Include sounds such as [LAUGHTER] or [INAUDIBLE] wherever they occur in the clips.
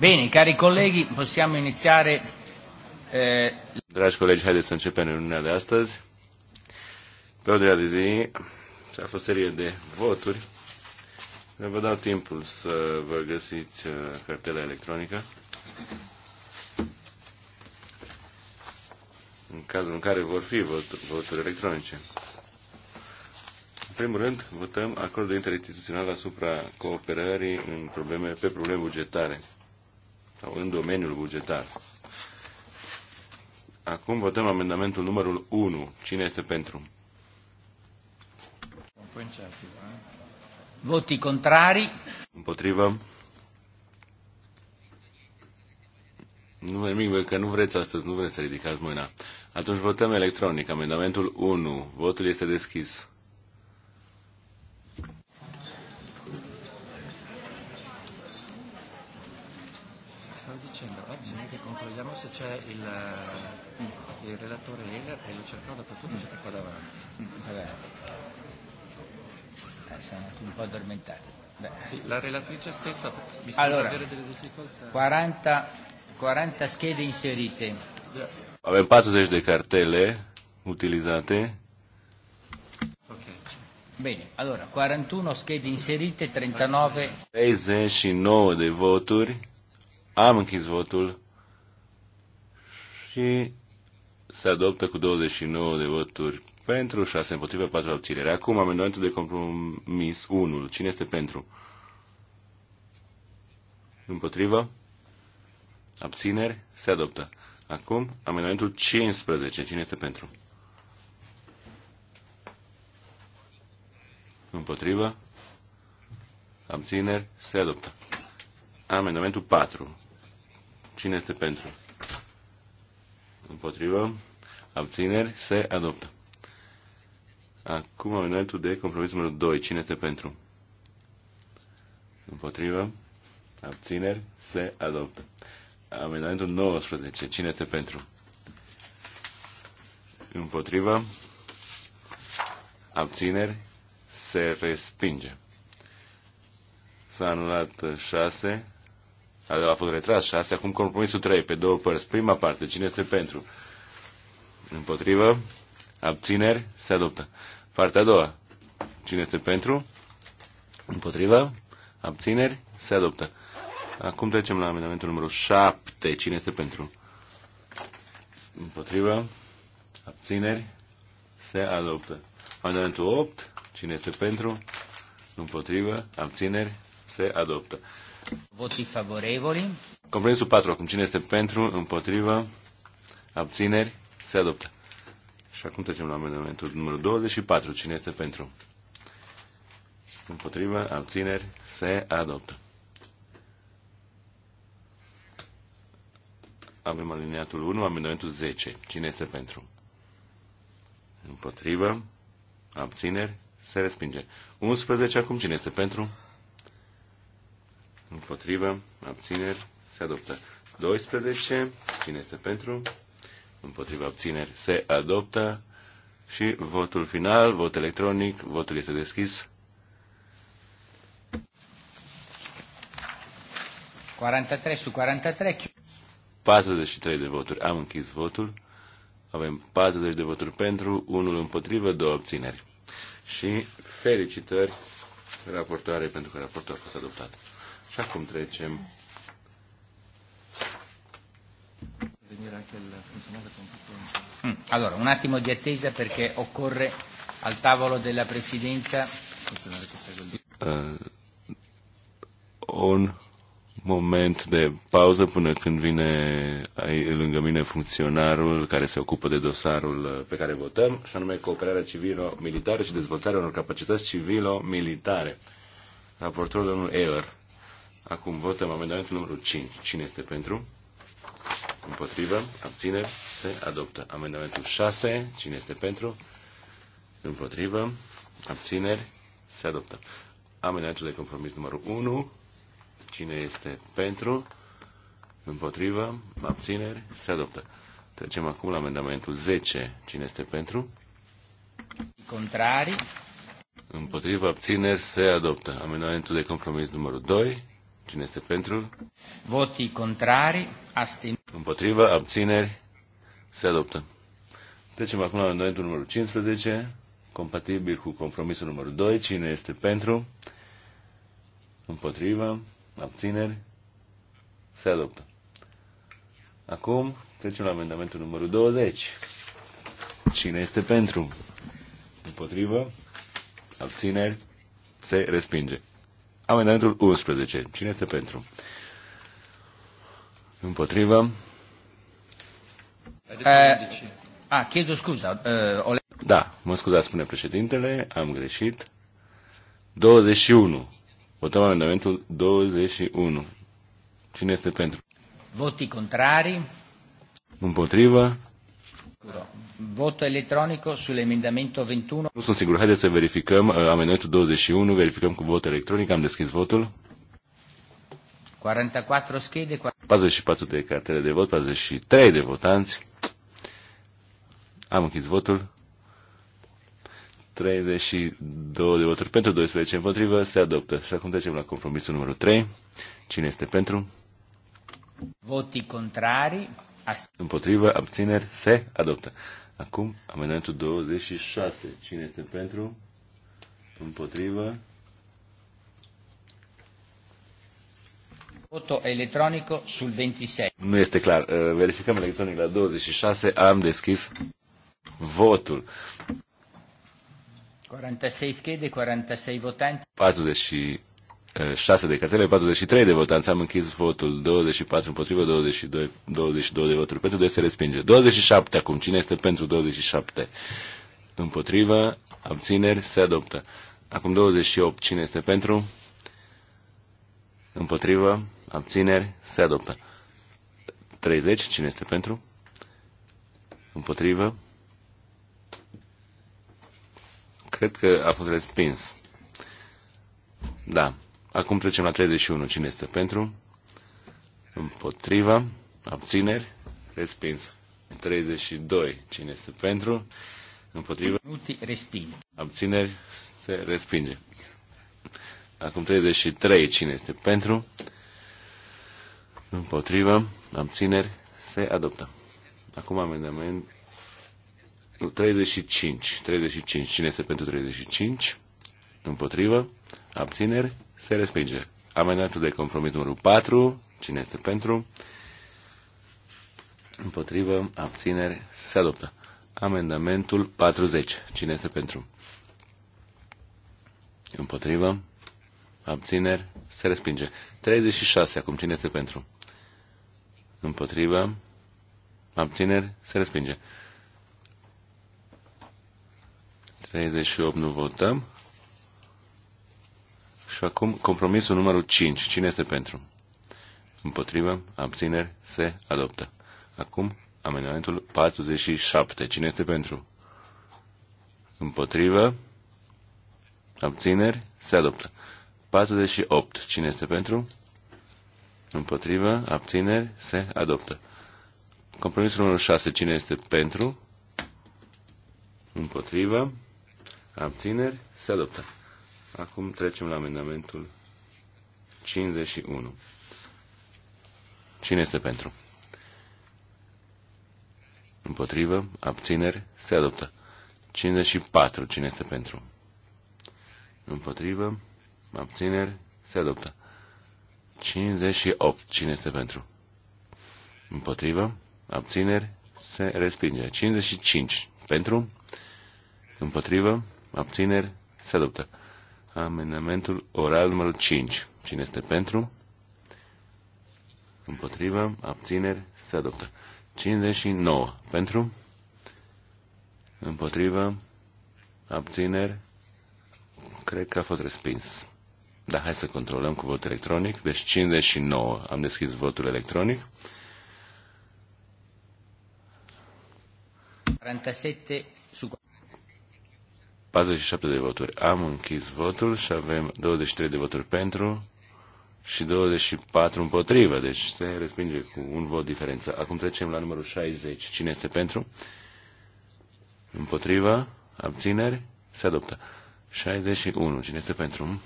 Bine, cari colegi, possiamo iniziare... Eh... Dragi colegi, haideți să începem reuniunea de astăzi. Pe ordinea de zi a fost serie de voturi. Vă dau timpul să vă găsiți eh, cartela electronică. În cazul în care vor fi voturi, voturi electronice. În primul rând, votăm acordul interinstituțional asupra cooperării în probleme, pe probleme bugetare sau în domeniul bugetar. Acum votăm amendamentul numărul 1. Cine este pentru? Voti contrari. Împotrivă. Nu e nimic, că nu vreți astăzi, nu vreți să ridicați mâna. Atunci votăm electronic. Amendamentul 1. Votul este deschis. c'è il, eh, il relatore Heller e lo cercavo dappertutto, c'è qua davanti. Vabbè. Eh, siamo tutti un po' addormentati. Beh. Sì, la relatrice stessa mi sembra allora, avere delle difficoltà. 40, 40 schede inserite. Avem 40 de cartele utilizzate. Bine, allora 41 schede inserite, 39. 39 de voturi. Am închis votul și se adoptă cu 29 de voturi pentru, 6 împotrivă, 4 abținere. Acum amendamentul de compromis 1. Cine este pentru? Împotrivă? Abțineri? Se adoptă. Acum amendamentul 15. Cine este pentru? Împotrivă? Abțineri? Se adoptă. Amendamentul 4. Cine este pentru? împotrivă, abțineri, se adoptă. Acum amendamentul de compromis numărul 2. Cine este pentru? Împotrivă, abțineri, se adoptă. Amendamentul 19. Cine este pentru? Împotrivă, abțineri, se respinge. S-a anulat 6 a fost retras astea acum compromisul 3 pe două părți. Prima parte, cine este pentru? Împotrivă, abțineri, se adoptă. Partea a doua, cine este pentru? Împotrivă, abțineri, se adoptă. Acum trecem la amendamentul numărul 7. Cine este pentru? Împotrivă, abțineri, se adoptă. Amendamentul 8. Cine este pentru? Împotrivă, abțineri, se adoptă. Voti favorevoli. Compromisul 4. Acum cine este pentru, împotrivă, abțineri, se adoptă. Și acum trecem la amendamentul numărul 24. Cine este pentru? Împotrivă, abțineri, se adoptă. Avem alineatul 1, amendamentul 10. Cine este pentru? Împotrivă, abțineri, se respinge. 11. Acum cine este pentru? Împotrivă. Abțineri. Se adoptă. 12. Cine este pentru? Împotrivă. Abțineri. Se adoptă. Și votul final, vot electronic, votul este deschis. 43 su 43. 43 de voturi. Am închis votul. Avem 40 de voturi pentru, unul împotrivă, două obțineri. Și felicitări raportoare pentru că raportul a fost adoptat așa cum trecem. Mm. Allora, un attimo di attesa perché occorre al tavolo della presidenza uh, un moment de pauză până când vine ai, lângă mine funcționarul care se ocupă de dosarul pe care votăm, și anume cooperarea civilo-militară și dezvoltarea unor capacități civilo-militare. Raportorul domnul Eller. Acum votăm amendamentul numărul 5. Cine este pentru? Împotrivă. Abține? Se adoptă. Amendamentul 6. Cine este pentru? Împotrivă. Abțineri. Se adoptă. Amendamentul de compromis numărul 1. Cine este pentru? Împotrivă. Abțineri. Se adoptă. Trecem acum la amendamentul 10. Cine este pentru? Contrari. Împotrivă abțineri se adoptă. Amendamentul de compromis numărul 2. Cine este pentru? Voti contrari, abțineri. Împotriva, abțineri, se adoptă. Trecem acum la amendamentul numărul 15, compatibil cu compromisul numărul 2. Cine este pentru? Împotriva, abțineri, se adoptă. Acum trecem la amendamentul numărul 20. Cine este pentru? Împotrivă? Abțineri? Se respinge. Amendamentul 11. Cine este pentru? Împotrivă. Eh, a, ah, chiedu scuza. Eh, da, mă scuzați, spune președintele, am greșit. 21. Votăm amendamentul 21. Cine este pentru? Voti contrari. Împotrivă. Vot electronic sull'emendamento 21. Nu sunt sigur. Haideți să verificăm uh, amendamentul 21. Verificăm cu vot electronic. Am deschis votul. 44 schede. 44 de cartele de vot, 43 de votanți. Am închis votul. 32 de voturi pentru, 12 împotrivă, se adoptă. Și acum trecem la compromisul numărul 3. Cine este pentru? Voti contrari. Împotrivă, abțineri, se adoptă. Acum, amendamentul 26. Cine este pentru? Împotrivă? Voto electronic sul 26. Nu este clar. Uh, verificăm electronic la 26. Am deschis votul. 46 schede, 46 votanti. 46 6 de cartele, 43 de votanți. Am închis votul. 24 împotrivă, 22, 22 de voturi pentru, 2 se respinge. 27 acum. Cine este pentru 27? Împotrivă, abțineri, se adoptă. Acum 28. Cine este pentru? Împotrivă, abțineri, se adoptă. 30. Cine este pentru? Împotrivă. Cred că a fost respins. Da. Acum trecem la 31. Cine este pentru? Împotriva. Abțineri. Respins. 32. Cine este pentru? Împotriva. Minuti resping. Abțineri. Se respinge. Acum 33. Cine este pentru? Împotriva. Abțineri. Se adoptă. Acum amendament. 35. 35. Cine este pentru 35? Împotrivă. Abțineri. Se respinge. Amendamentul de compromis numărul 4. Cine este pentru? Împotrivă. Abțineri. Se adoptă. Amendamentul 40. Cine este pentru? Împotrivă. Abțineri. Se respinge. 36. Acum cine este pentru? Împotrivă. Abțineri. Se respinge. 38 nu votăm. Și acum compromisul numărul 5. Cine este pentru? Împotrivă, abțineri, se adoptă. Acum amendamentul 47. Cine este pentru? Împotrivă, abțineri, se adoptă. 48. Cine este pentru? Împotrivă, abțineri, se adoptă. Compromisul numărul 6. Cine este pentru? Împotrivă, abțineri, se adoptă. Acum trecem la amendamentul 51. Cine este pentru? Împotrivă, abțineri, se adoptă. 54. Cine este pentru? Împotrivă, abțineri, se adoptă. 58. Cine este pentru? Împotrivă, abțineri, se respinge. 55. Pentru, împotrivă, abțineri, se adoptă. Amendamentul oral numărul 5. Cine este pentru? Împotrivă. Abțineri. Se adoptă. 59. Pentru? Împotrivă. Abțineri. Cred că a fost respins. Dar hai să controlăm cu vot electronic. Deci 59. Am deschis votul electronic. 47 47 de voturi. Am închis votul și avem 23 de voturi pentru și 24 împotrivă. Deci se respinge cu un vot diferență. Acum trecem la numărul 60. Cine este pentru? Împotriva? Abțineri? Se adoptă. 61. Cine este pentru?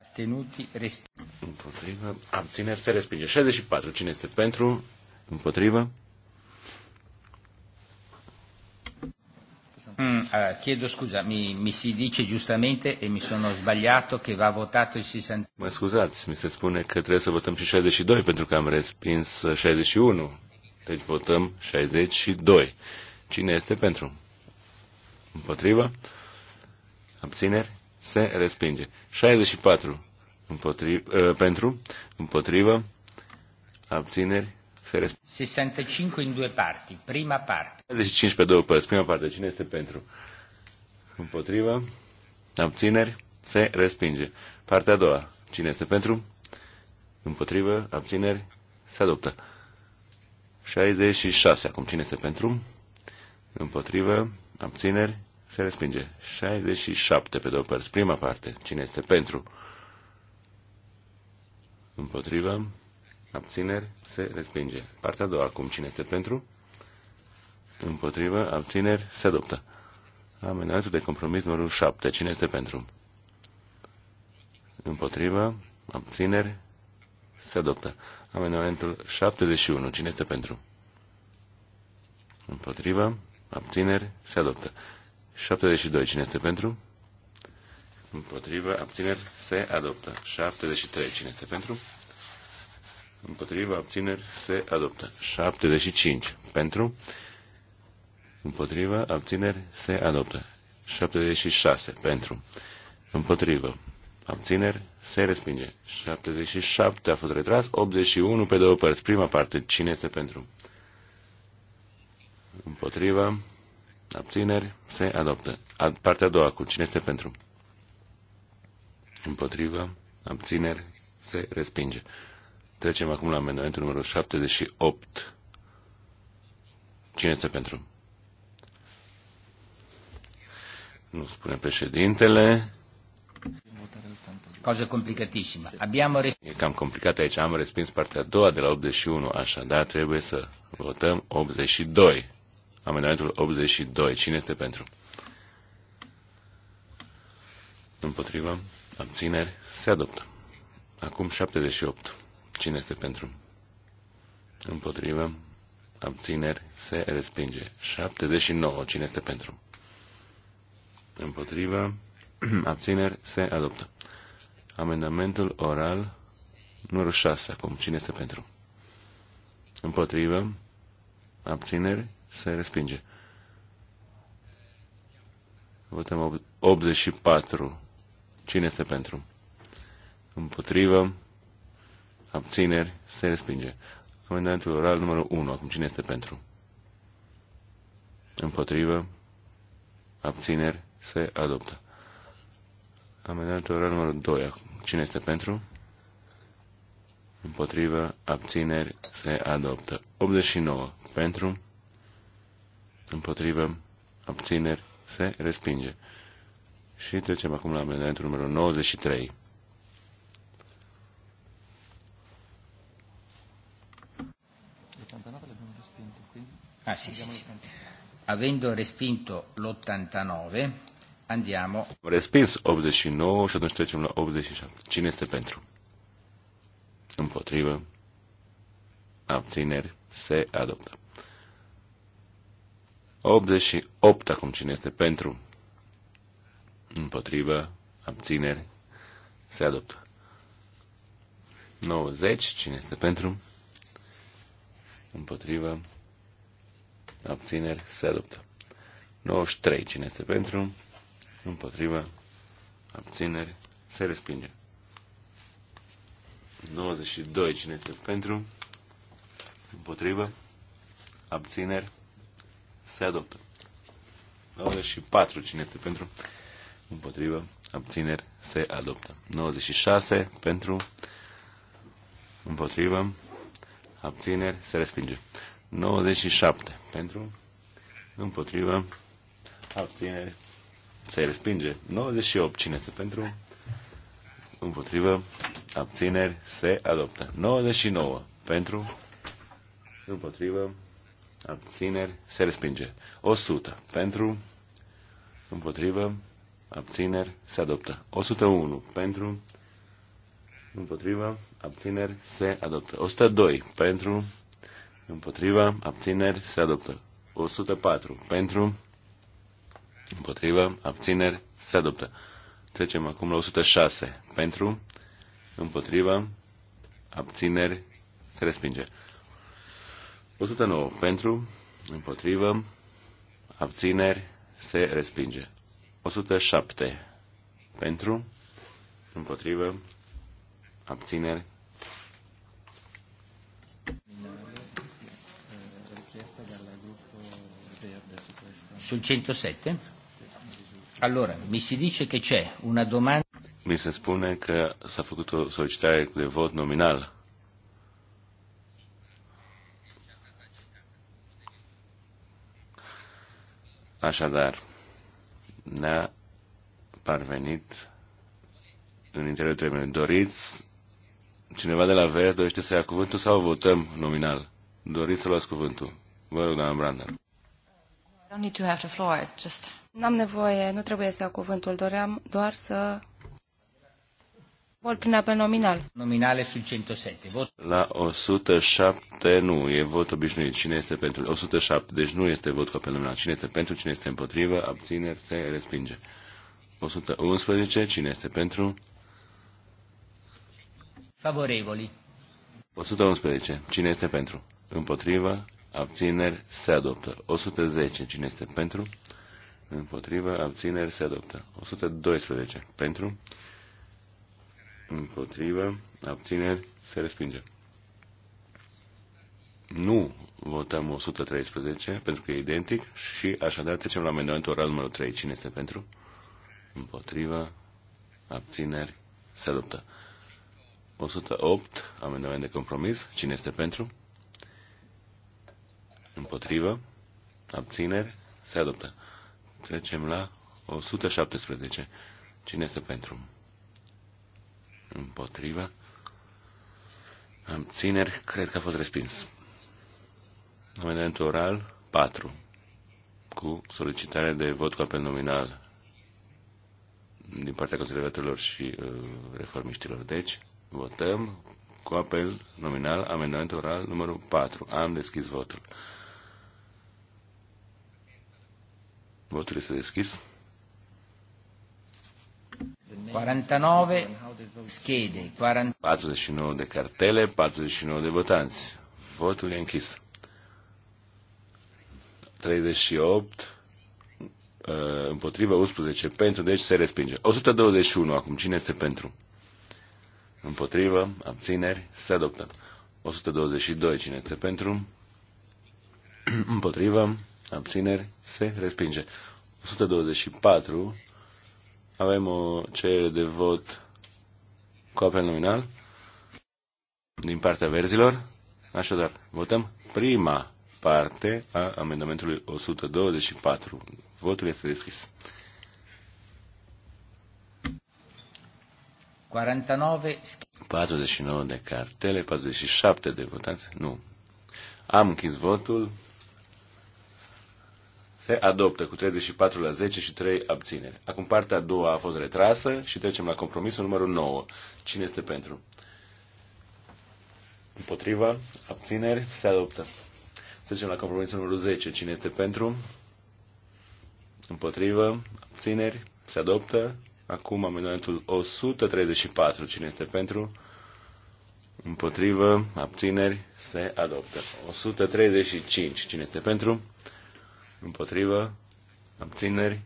Stenuti respinge. Împotriva. Abțineri se respinge. 64. Cine este pentru? Împotriva. Mm, chiedo scusa, mi, mi si dice giustamente e mi sono sbagliato che va votato il 60. Mă scuzați, mi se spune că trebuie să votăm și 62 pentru că am respins 61. Deci votăm 62. Cine este pentru? Împotrivă? Abțineri? Se respinge. 64 împotriv, uh, pentru, împotrivă, abțineri, se 65 în două parti, prima parte. 65 deci pe două părți, prima parte, cine este pentru? Împotrivă, abțineri, se respinge. Partea a doua, cine este pentru? Împotrivă, abțineri, se adoptă. 66, acum cine este pentru? Împotrivă, abțineri, se respinge. 67 pe două părți, prima parte, cine este pentru? Împotrivă, abțineri, se respinge. Partea a doua, acum cine este pentru, împotrivă, abțineri, se adoptă. Amendamentul de compromis numărul 7, cine este pentru? Împotrivă, abțineri, se adoptă. Amendamentul 71, cine este pentru? Împotrivă, abțineri, se adoptă. 72, cine este pentru? Împotrivă, abțineri, se adoptă. 73, cine este pentru? împotriva, abțineri, se adoptă. 75 pentru, împotriva, abțineri, se adoptă. 76 pentru, împotriva, abțineri, se respinge. 77 a fost retras, 81 pe două părți. Prima parte, cine este pentru? Împotriva, abțineri, se adoptă. A, partea a doua, cu cine este pentru? Împotriva, abțineri, se respinge. Trecem acum la amendamentul numărul 78. Cine este pentru? Nu spune președintele. Cosa complicatissima. Abbiamo res- e cam complicat aici. Am respins partea a doua de la 81, așadar trebuie să votăm 82. Amendamentul 82. Cine este pentru? Împotrivă. Abțineri. Se adoptă. Acum 78. Cine este pentru? Împotrivă. Abțineri. Se respinge. 79. Cine este pentru? Împotrivă. [CLEARS THROAT] Abțineri. Se adoptă. Amendamentul oral numărul 6 acum. Cine este pentru? Împotrivă. Abțineri. Se respinge. Votăm 84. Cine este pentru? Împotrivă abțineri, se respinge. Amendamentul oral numărul 1, acum cine este pentru? Împotrivă, abțineri, se adoptă. Amendamentul oral numărul 2, acum cine este pentru? Împotrivă, abțineri, se adoptă. 89, pentru, împotrivă, abțineri, se respinge. Și trecem acum la amendamentul numărul 93. Ah sì, sì, sì. Avendo respinto l'89, andiamo... Respins 89 și atunci trecem la 87. Cine este pentru? Împotrivă. Abțineri. Se adoptă. 88 acum cine este pentru? Împotrivă. Abțineri. Se adoptă. 90. Cine este pentru? Împotrivă abțineri, se luptă. 93. Cine este pentru? Împotrivă, abțineri, se respinge. 92. Cine este pentru? Împotrivă, abțineri, se adoptă. 94. Cine este pentru? Împotrivă, abțineri, se adoptă. 96. Pentru, împotrivă, abțineri, se respinge. 97 pentru, împotrivă, abține, se respinge. 98 cine este pentru, împotrivă, abțineri, se adoptă. 99 pentru, împotrivă, abțineri, se respinge. 100 pentru, împotrivă, abțineri, se adoptă. 101 pentru, împotrivă, abțineri, se adoptă. 102 pentru, împotriva, abțineri, se adoptă. 104 pentru, împotriva, abțineri, se adoptă. Trecem acum la 106 pentru, împotriva, abțineri, se respinge. 109 pentru, împotriva, abțineri, se respinge. 107 pentru, împotriva, abțineri, sul 107. Allora, mi si dice che c'è una domanda... Mi si spune che s-a făcut o solicitare de vot nominal. Așadar, ne-a parvenit în interiorul termenului. Doriți cineva de la VR dorește să ia cuvântul sau votăm nominal? Doriți să luați cuvântul? Vă rog, doamna Brander. Don't need to have the floor. Just... N-am nevoie, nu trebuie să iau cuvântul, doream doar să Vor prin apel nominal. Nominale sul 107. Vot. La 107 nu, e vot obișnuit. Cine este pentru? 107, deci nu este vot cu apel nominal. Cine este pentru, cine este împotrivă, abțineri, se respinge. 111, cine este pentru? Favorevoli. 111, cine este pentru? Împotrivă, abțineri, se adoptă. 110, cine este pentru? Împotrivă, abțineri, se adoptă. 112, pentru? Împotrivă, abțineri, se respinge. Nu votăm 113, pentru că e identic, și așadar trecem la amendamentul oral numărul 3. Cine este pentru? Împotrivă, abțineri, se adoptă. 108, amendament de compromis. Cine este pentru? Împotrivă. Abțineri. Se adoptă. Trecem la 117. Cine este pentru? Împotrivă. Abțineri. Cred că a fost respins. Amendament oral 4. Cu solicitare de vot cu apel nominal din partea conservatorilor și uh, reformiștilor. Deci, votăm cu apel nominal amendamentul oral numărul 4. Am deschis votul. Votul este deschis. 49 schede, 40... 49 de cartele, 49 de votanți. Votul e închis. 38 împotriva 11 pentru, deci se respinge. 121 acum, cine este pentru? Împotrivă, abțineri, se adoptă. 122, cine este pentru? [CLEARS THROAT] împotrivă, abțineri, se respinge. 124, avem o cerere de vot cu apel nominal din partea verzilor. Așadar, votăm prima parte a amendamentului 124. Votul este deschis. 49 49 de cartele, 47 de votanți. Nu. Am închis votul se adoptă cu 34 la 10 și 3 abțineri. Acum partea a doua a fost retrasă și trecem la compromisul numărul 9. Cine este pentru? Împotriva, abțineri, se adoptă. Trecem la compromisul numărul 10. Cine este pentru? Împotrivă, abțineri, se adoptă. Acum amendamentul 134. Cine este pentru? Împotrivă, abțineri, se adoptă. 135. Cine este pentru? Împotrivă? Abțineri?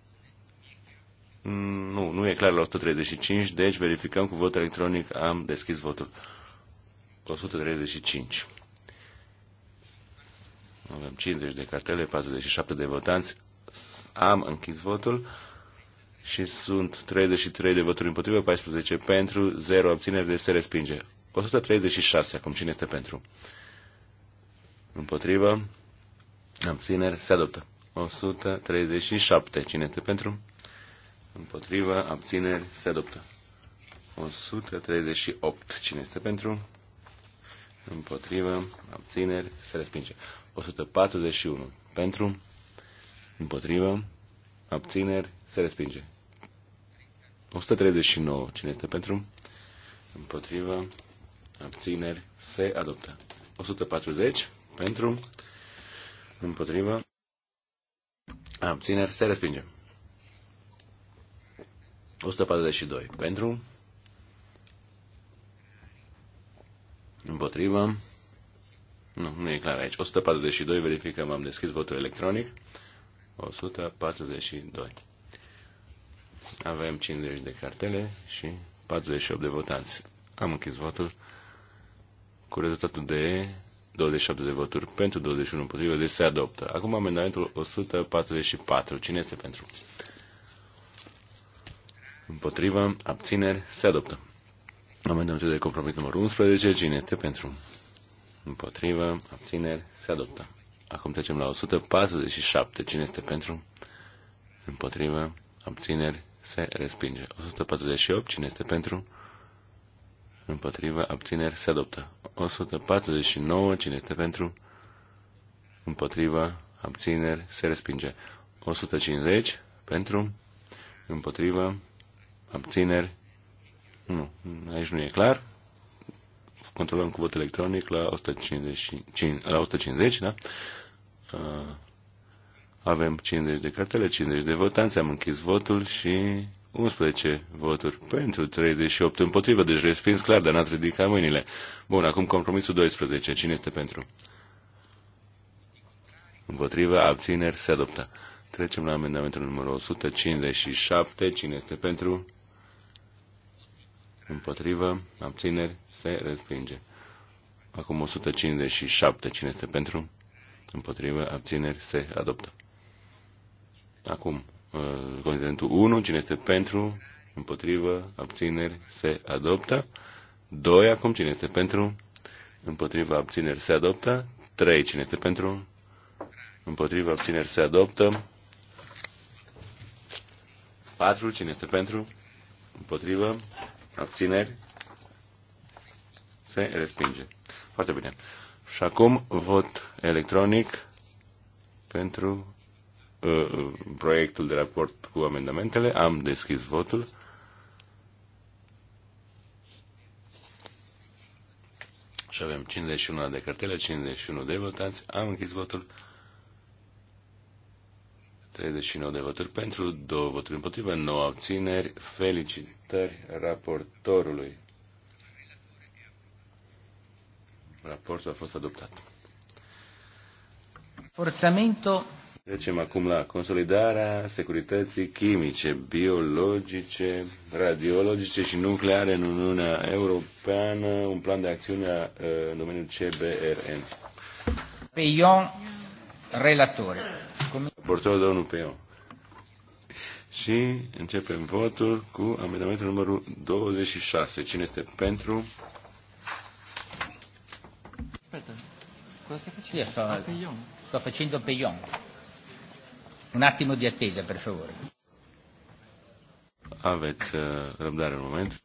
Nu, nu e clar la 135, deci verificăm cu vot electronic. Am deschis votul. 135. Avem 50 de cartele, 47 de votanți. Am închis votul și sunt 33 de voturi împotrivă, 14 pentru, 0 abțineri, de deci se respinge. 136, acum cine este pentru? Împotrivă, abțineri, se adoptă. 137. Cine este pentru? Împotrivă, abțineri, se adoptă. 138. Cine este pentru? Împotrivă, abțineri, se respinge. 141. Pentru? Împotrivă, abțineri, se respinge. 139. Cine este pentru? Împotrivă, abțineri, se adoptă. 140. Pentru? Împotrivă, Abțineri se respinge. 142. Pentru. Împotriva. Nu, nu e clar aici. 142. Verificăm. Am deschis votul electronic. 142. Avem 50 de cartele și 48 de votanți. Am închis votul cu rezultatul de 27 de voturi pentru, 21 împotrivă, deci se adoptă. Acum amendamentul 144. Cine este pentru? Împotrivă, abțineri, se adoptă. Amendamentul de compromis numărul 11. Cine este pentru? Împotrivă, abțineri, se adoptă. Acum trecem la 147. Cine este pentru? Împotrivă, abțineri, se respinge. 148. Cine este pentru? împotriva, abțineri, se adoptă. 149, cine este pentru, împotriva, abțineri, se respinge. 150, pentru, împotriva, abțineri, nu, aici nu e clar. Controlăm cu vot electronic la 150, la 150 da? Uh, avem 50 de cartele, 50 de votanți, am închis votul și 11 voturi pentru, 38 împotrivă, deci respins clar, dar n a ridicat mâinile. Bun, acum compromisul 12. Cine este pentru? Împotrivă, abțineri, se adoptă. Trecem la amendamentul numărul 157. Cine este pentru? Împotrivă, abțineri, se respinge. Acum 157. Cine este pentru? Împotrivă, abțineri, se adoptă. Acum, Uh, Considerentul 1, cine este pentru, împotrivă, abțineri, se adoptă. 2, acum cine este pentru, împotrivă, abțineri, se adoptă. 3, cine este pentru, împotrivă, abțineri, se adoptă. 4, cine este pentru, împotrivă, abțineri, se respinge. Foarte bine. Și acum vot electronic pentru Uh, uh, proiectul de raport cu amendamentele. Am deschis votul. Și avem 51 de cartele, 51 de votanți. Am închis votul. 39 de voturi pentru, 2 voturi împotrivă, 9 abțineri. Felicitări raportorului. Raportul a fost adoptat. Forțamento Trecem acum la consolidarea securității chimice, biologice, radiologice și nucleare în Uniunea Europeană, un plan de acțiune în domeniul CBRN. Peion, relatore. Portorul domnul Peion. Și începem votul cu amendamentul numărul 26. Cine este pentru? Aspetta, cosa stai facendo? Io sto, Peion. sto facendo Peion. Un attimo di attesa, per favore. Aveți uh, răbdare un moment.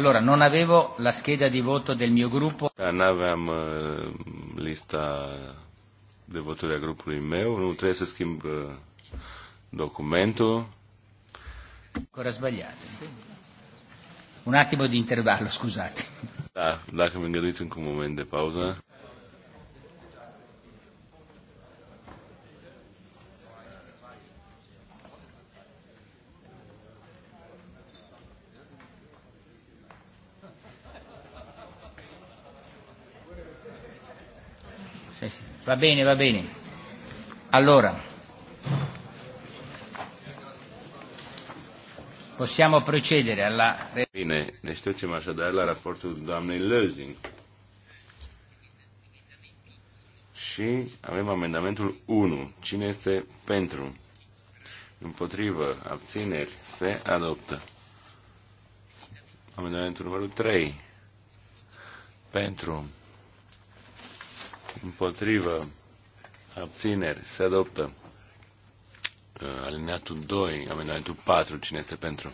Allora, non avevo la scheda di voto del mio gruppo. Nu aveam la uh, lista de voturi a grupului meu, nu trebuie să schimb uh, documentul. Ancora sbagliato. Un attimo di intervallo, scusate. Da, che mi îngăduiți încă un momento de pauză. Sì, sì. Va bene, va bene. Allora, possiamo procedere alla... Bine, ne ducem așadar la raportul doamnei Lözing. Și avem amendamentul 1. Cine este pentru? Împotrivă, abțineri, se adoptă. Amendamentul numărul 3. Pentru împotrivă, abțineri, se adoptă. Uh, alineatul 2, amendamentul 4, cine este pentru?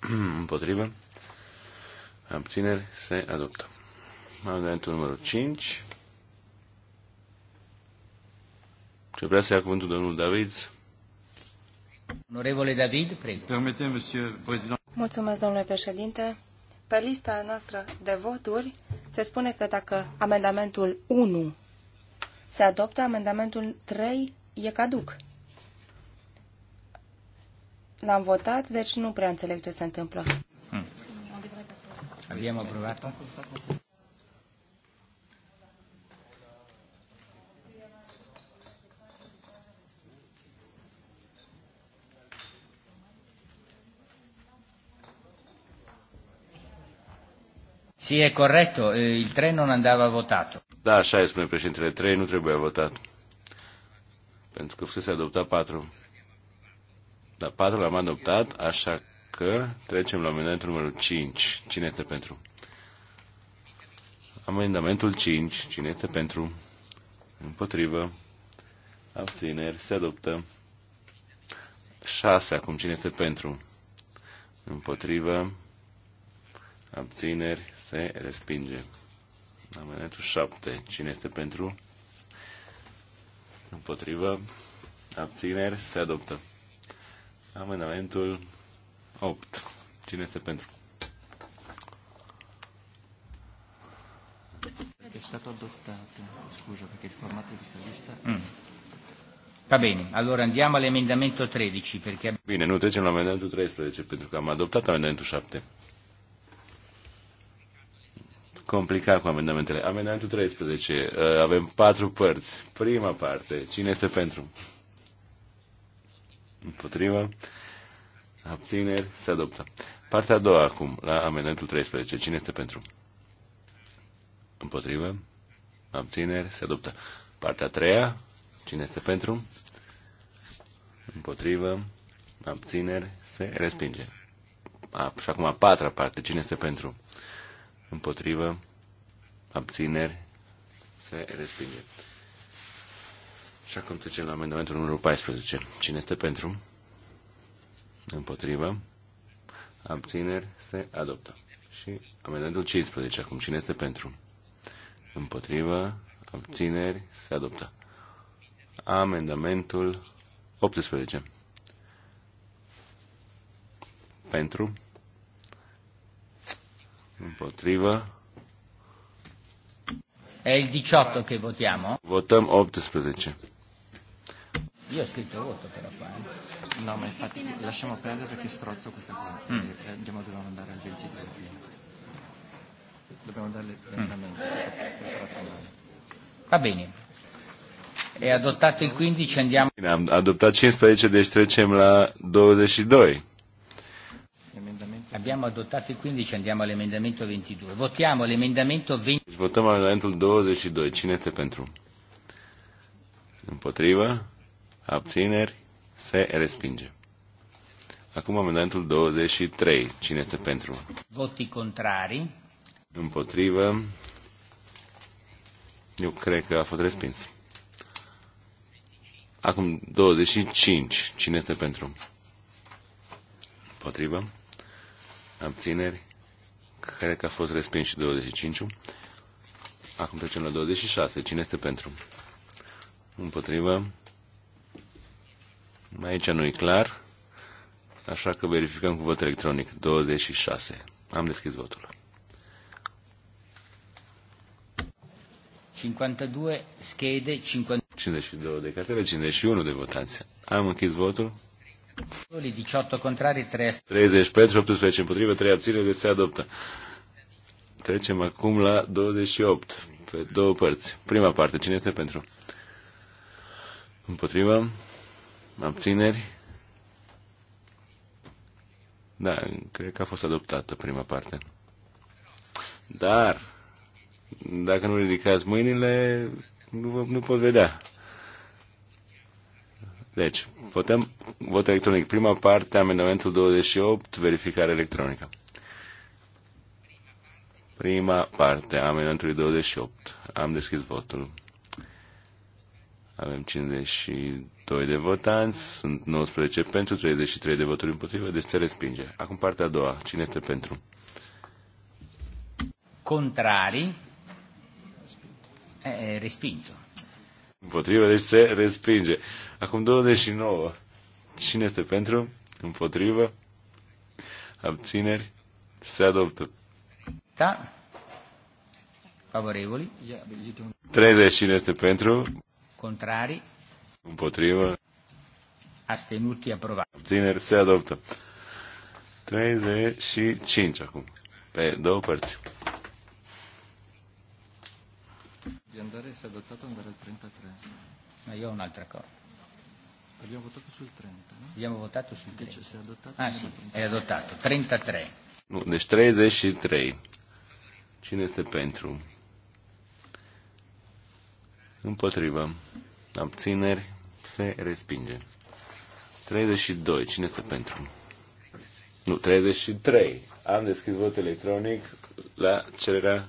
[CLEARS THROAT] împotrivă, abțineri, se adoptă. Amendamentul numărul 5. Ce vrea să ia cuvântul domnul David? Onorevole David, preg. Mulțumesc, domnule președinte. Pe lista noastră de voturi se spune că dacă amendamentul 1 se adoptă, amendamentul 3 e caduc. L-am votat, deci nu prea înțeleg ce se întâmplă. Hmm. Abbiamo aprobat Si, e corretto, eh, il 3 non andava votato. Da, așa e, spune președintele, trei nu trebuia votat. Pentru că fusese adoptat patru. Dar patru l-am adoptat, așa că trecem la amendamentul numărul 5. Cine este pentru? Amendamentul 5. Cine este pentru? Împotrivă. Abțineri. Se adoptă. 6. Acum cine este pentru? Împotrivă. Abțineri se respinge. Amenetul 7. Cine este pentru? Împotrivă. Abțineri. Se adoptă. Amendamentul 8. Cine este pentru? È deci stato adottato, scusa perché il formato di questa lista... Mm. Va bene, allora andiamo all'emendamento 13 perché... Bene, nu trecem la 13 perché abbiamo am l'emendamento 7. Complicat cu amendamentele. Amendamentul 13. Uh, avem patru părți. Prima parte. Cine este pentru? Împotriva. Abțineri. Se adoptă. Partea a doua acum, la amendamentul 13. Cine este pentru? Împotrivă. Abțineri. Se adoptă. Partea a treia. Cine este pentru? Împotrivă. Abțineri. Se respinge. A, și acum a patra parte. Cine este pentru? împotrivă, abțineri, se respinge. Și acum trecem la amendamentul numărul 14. Cine este pentru? Împotrivă, abțineri, se adoptă. Și amendamentul 15 acum. Cine este pentru? Împotrivă, abțineri, se adoptă. Amendamentul 18. Pentru, Împotrivă. E il 18 che votiamo? Votăm 18. Io ho scritto voto però qua. Eh. No, ma infatti lasciamo perdere perché strozzo questa cosa. Mm. Andiamo, eh, dobbiamo andare al 22 prima. Dobbiamo andare lentamente. Mm. Va bene. E adottato il 15 andiamo. Adottato am 15, deci trecem la 22. Abbiamo adottato il 15, andiamo all'emendamento 22. Votiamo l'emendamento 22. Votiamo deci votăm amendamentul 22. Cine este pentru? Împotrivă? Abțineri? Se respinge. Acum amendamentul 23. Cine este pentru? Voti contrari. Împotrivă. Eu cred că a fost respins. Acum 25. Cine este pentru? Împotrivă abțineri, cred că a fost respins și 25 Acum trecem la 26. Cine este pentru? Împotrivă. Aici nu e clar, așa că verificăm cu vot electronic. 26. Am deschis votul. 52 schede, 50... 52 de cartele, 51 de votanți. Am închis votul. 18 contrari, 3 pentru, 18 împotrivă, 3 abțineri, deci se adoptă. Trecem acum la 28, pe două părți. Prima parte, cine este pentru? Împotrivă, abțineri. Da, cred că a fost adoptată prima parte. Dar, dacă nu ridicați mâinile, nu, nu pot vedea. Deci, Votăm vot electronic. Prima parte, amendamentul 28, verificare electronică. Prima parte amendamentul 28. Am deschis votul. Avem 52 de votanți, sunt 19 pentru, 33 de voturi împotrivă, deci se respinge. Acum partea a doua. Cine este pentru? Contrari. Eh, eh, respinto. Împotrivă, deci se respinge. Acum 29. Cine este pentru? Împotrivă? Abțineri? Se adoptă. Da. Favorevoli? 30. Cine este pentru? Contrari? Împotrivă? Astenuti aprobat. Abțineri? Se adoptă. 35 acum. Pe două părți. Di s-a è în andare 33. Mai e un alt cosa. Abbiamo votato sul 30. No? Abbiamo votato sul 30. Dice, se è adottato, ah sì, è adottato. 33. Nu, deci 33. Cine este pentru? Împotrivă. Abțineri. Se respinge. 32. Cine este pentru? Nu, 33. Am deschis vot electronic la cererea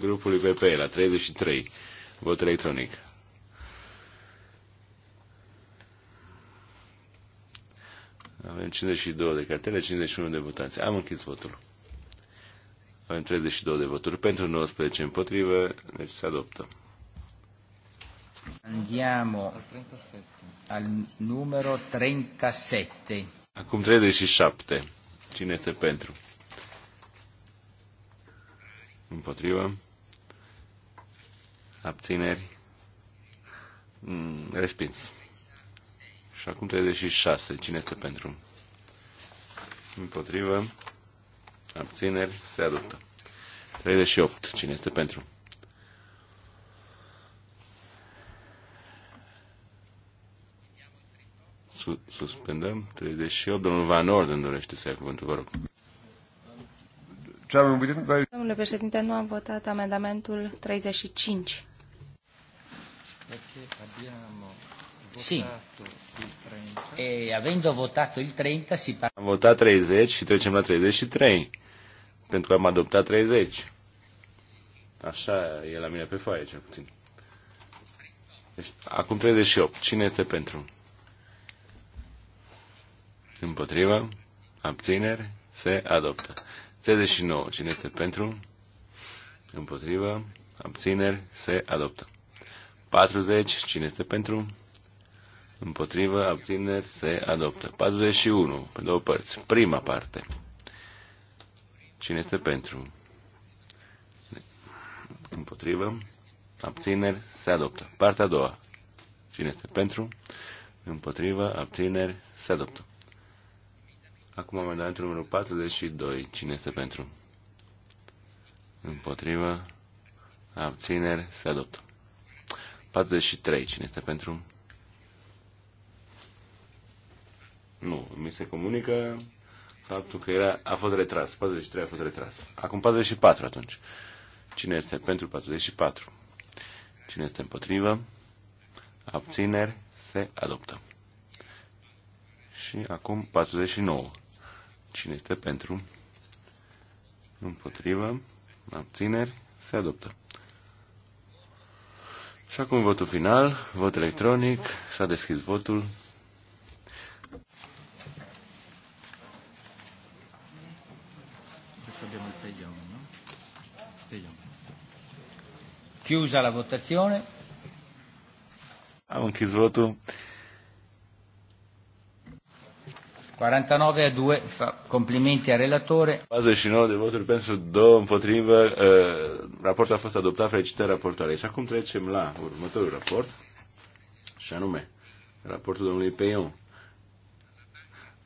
grupului PP, la 33. Vot electronic. Avem 52 de cartele, 51 de votanți. Am închis votul. Avem 32 de voturi pentru 19 împotrivă, deci se adoptă. Andiamo al numero 37. Acum 37. Cine este pentru? Împotrivă. Abțineri. Mm, respins. Și acum 36. Cine este pentru? Împotrivă. Abțineri. Se adoptă. 38. Cine este pentru? Suspendăm. 38. Domnul Van Orden dorește să ia cuvântul, vă rog. Domnule președinte, nu am votat amendamentul 35. Sì. E avendo votato il 30 si parla... Am votat 30 și trecem la 33, pentru că am adoptat 30. Așa e la mine pe foaie, cel puțin. Deci, acum 38. Cine este pentru? Împotriva? Abțineri? Se adoptă. 39. Cine este pentru? Împotriva? Abțineri? Se adoptă. 40. Cine este pentru? împotrivă, abțineri, se adoptă. 41, pe două părți. Prima parte. Cine este pentru? Împotrivă, abțineri, se adoptă. Partea a doua. Cine este pentru? Împotrivă, abțineri, se adoptă. Acum am amendamentul numărul 42. Cine este pentru? Împotrivă, abțineri, se adoptă. 43. Cine este pentru? Nu, mi se comunică faptul că era, a fost retras. 43 a fost retras. Acum 44 atunci. Cine este pentru 44? Cine este împotrivă? Abțineri se adoptă. Și acum 49. Cine este pentru? Împotrivă? Abțineri se adoptă. Și acum votul final, vot electronic, s-a deschis votul. Chiusa la votazione. Am il voto. 49 a 2, fa complimenti al relatore. 49 de voturi pentru, 2 împotrivă. Uh, eh, raportul a fost adoptat, felicitări raportoare. Și acum trecem la următorul raport, și anume, raportul domnului Peion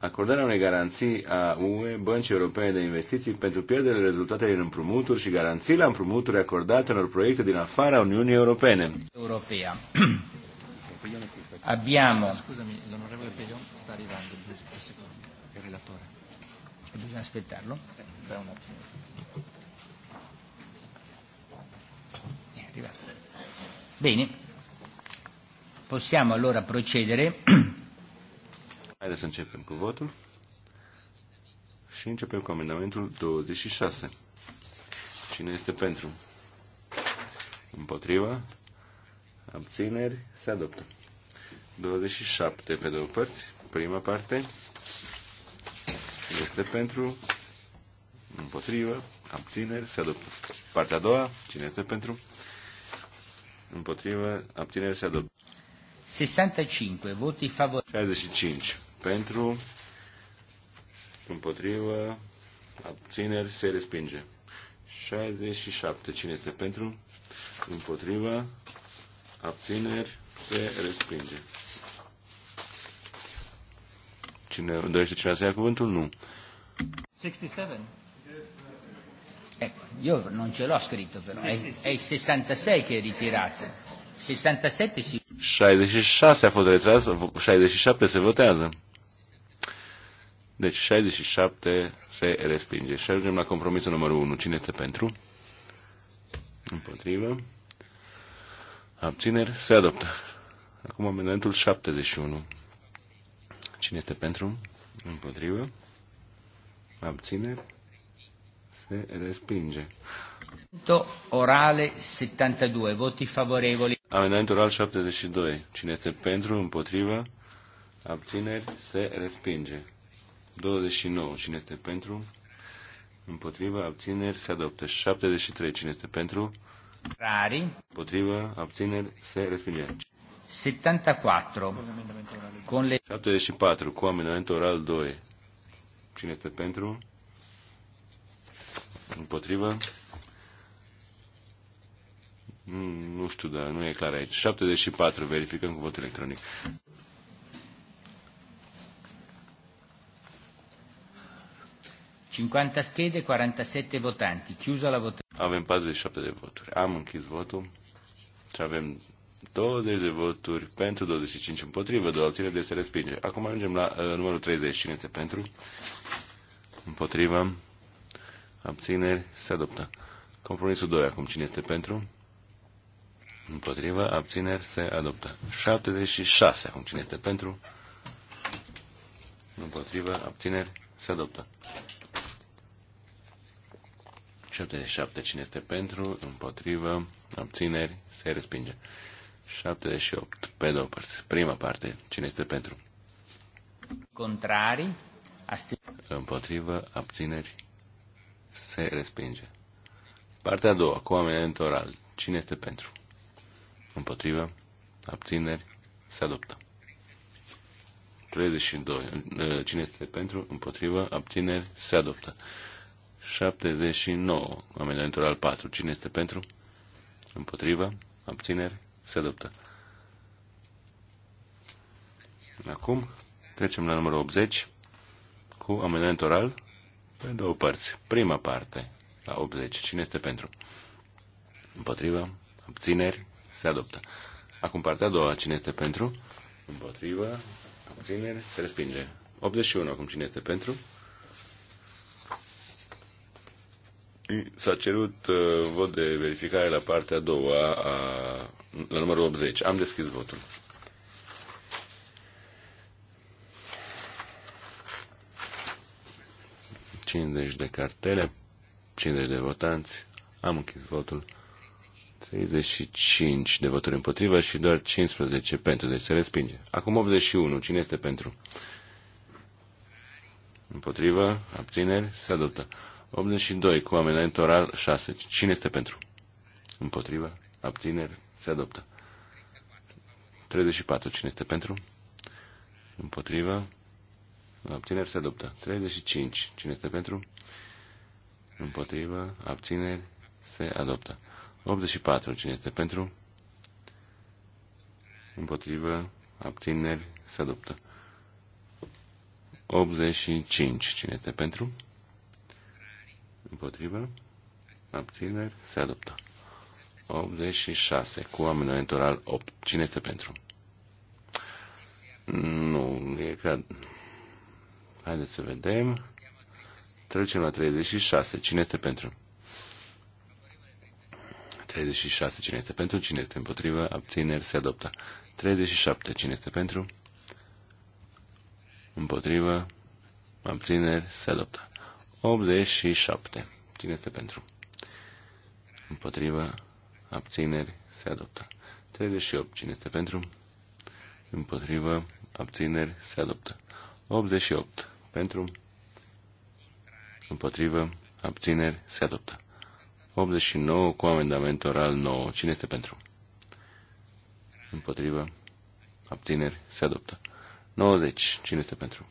acordarea unei garanții a UE Băncii Europene de Investiții pentru pierderile rezultate din împrumuturi și garanții la împrumuturi acordate unor proiecte din afara Uniunii Europene. Europea. [CLEARS THROAT] Abbiamo. Ah, scusami, l'onorevole Peglion sta arrivando, un secondo, il relatore. Eh, bisogna aspettarlo per un attimo. Bene, possiamo allora procedere [CLEARS THROAT] Haideți să începem cu votul. Și începem cu amendamentul 26. Cine este pentru? Împotriva? Abțineri? Se adoptă. 27 pe două părți. Prima parte. Cine este pentru? Împotriva? Abțineri? Se adoptă. Partea a doua. Cine este pentru? Împotriva? Abțineri? Se adoptă. 65 voti favorabili. 65 pentru, împotrivă, abțineri, se respinge. 67. Cine este pentru? Împotrivă, abțineri, se respinge. Cine dorește cineva să ia cuvântul? Nu. 67. Eh, io non ce l'ho scritto però, è, è il 66 che è ritirato. 67 si... 66 a fost retras, 67 se votează. Deci 67 se respinge. Și ajungem la compromisul numărul 1. Cine este pentru? Împotrivă. Abțineri. Se adoptă. Acum amendamentul 71. Cine este pentru? Împotrivă. Abțineri. Se respinge. Orale 72. Voti favorevoli. Amendamentul oral 72. Cine este pentru? Împotrivă. Abțineri. Se respinge. 29. Cine este pentru? Împotriva, abțineri, se adoptă. 73. Cine este pentru? Rari. Împotriva, abțineri, se respinge. 74. Con le... 74. Cu amendamentul oral 2. Cine este pentru? Împotrivă? Nu știu, dar nu e clar aici. 74. Verificăm cu vot electronic. 50 schede, 47 votanti. Chiusa la votazione. Avem 47 de voturi. Am închis votul și avem 20 de voturi pentru, 25 împotrivă, de abțineri de deci se respinge. Acum ajungem la uh, numărul 30. Cine este pentru? Împotrivă. Abțineri. Se adoptă. Compromisul 2. Acum cine este pentru? Împotrivă. Abțineri. Se adoptă. 76. Acum cine este pentru? Împotrivă. Abțineri. Se adoptă. 77. Cine este pentru? Împotrivă. Abțineri. Se respinge. 78. Pe două părți. Prima parte. Cine este pentru? Contrari. Asti... Împotrivă. Abțineri. Se respinge. Partea a doua. Cu amendament oral. Cine este pentru? Împotrivă. Abțineri. Se adoptă. 32. Cine este pentru? Împotrivă. Abțineri. Se adoptă. 79, amendamentul al 4. Cine este pentru? Împotrivă? Abțineri? Se adoptă. Acum trecem la numărul 80 cu amendament oral pe două părți. Prima parte la 80. Cine este pentru? Împotrivă? Abțineri? Se adoptă. Acum partea a doua. Cine este pentru? Împotrivă? Abțineri? Se respinge. 81. Acum cine este pentru? și s-a cerut uh, vot de verificare la partea a doua, a, la numărul 80. Am deschis votul. ...50 de cartele, 50 de votanți, am închis votul, 35 de voturi împotrivă și doar 15 pentru, deci se respinge. Acum 81, cine este pentru? Împotrivă, abțineri, se adoptă. 82 cu amendament oral 6. Cine este pentru? Împotriva? Abțineri? Se adoptă. 34. Cine este pentru? Împotriva? Abțineri? Se adoptă. 35. Cine este pentru? Împotriva? Abțineri? Se adoptă. 84. Cine este pentru? Împotriva? abțineri, se adoptă. 85. Cine este pentru? Împotrivă. Abțineri. Se adoptă. 86. Cu oameni electoral 8. Cine este pentru? Nu, e ca... Haideți să vedem. Trecem la 36. Cine este pentru? 36. Cine este pentru? Cine este împotrivă? Abțineri. Se adoptă. 37. Cine este pentru? Împotrivă. Abțineri. Se adoptă. 87. Cine este pentru? Împotrivă. Abțineri. Se adoptă. 38. Cine este pentru? Împotrivă. Abțineri. Se adoptă. 88. Pentru. Împotrivă. Abțineri. Se adoptă. 89 cu amendament oral 9. Cine este pentru? Împotrivă. Abțineri. Se adoptă. 90. Cine este pentru?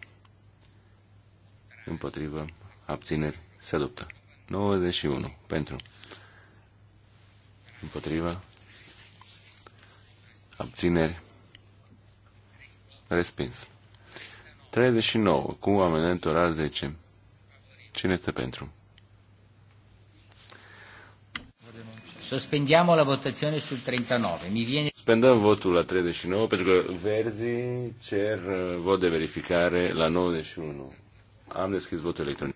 Împotrivă abțineri, se adoptă. 91 pentru, împotriva, abțineri, respins. 39 cu amendament oral 10. Cine este pentru? Sospendiamo la votazione sul 39. Mi viene... Suspendăm votul la 39 pentru că verzii cer vot de verificare la 91. Am deschis votul electronic.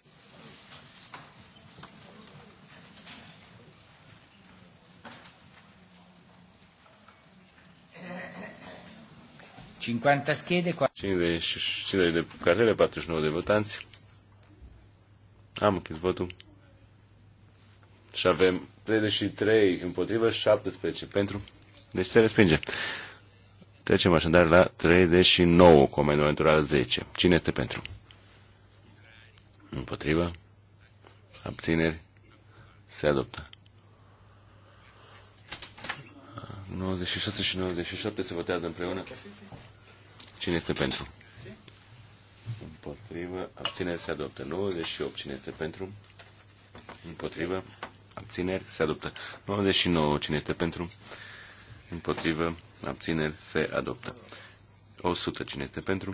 50 schede, 50 de cartele, 49 de votanți. Am închis votul. Și avem 33 împotrivă, 17 pentru. Deci se respinge. Trecem așadar la 39 cu amendamentul al 10. Cine este pentru? Împotrivă? Abțineri? Se adoptă. 96 și 97 se votează împreună. Cine este pentru? Împotrivă. Abțineri se adoptă. 98. Cine este pentru? Împotrivă. Abțineri se adoptă. 99. Cine este pentru? Împotrivă. Abțineri se adoptă. 100. Cine este pentru?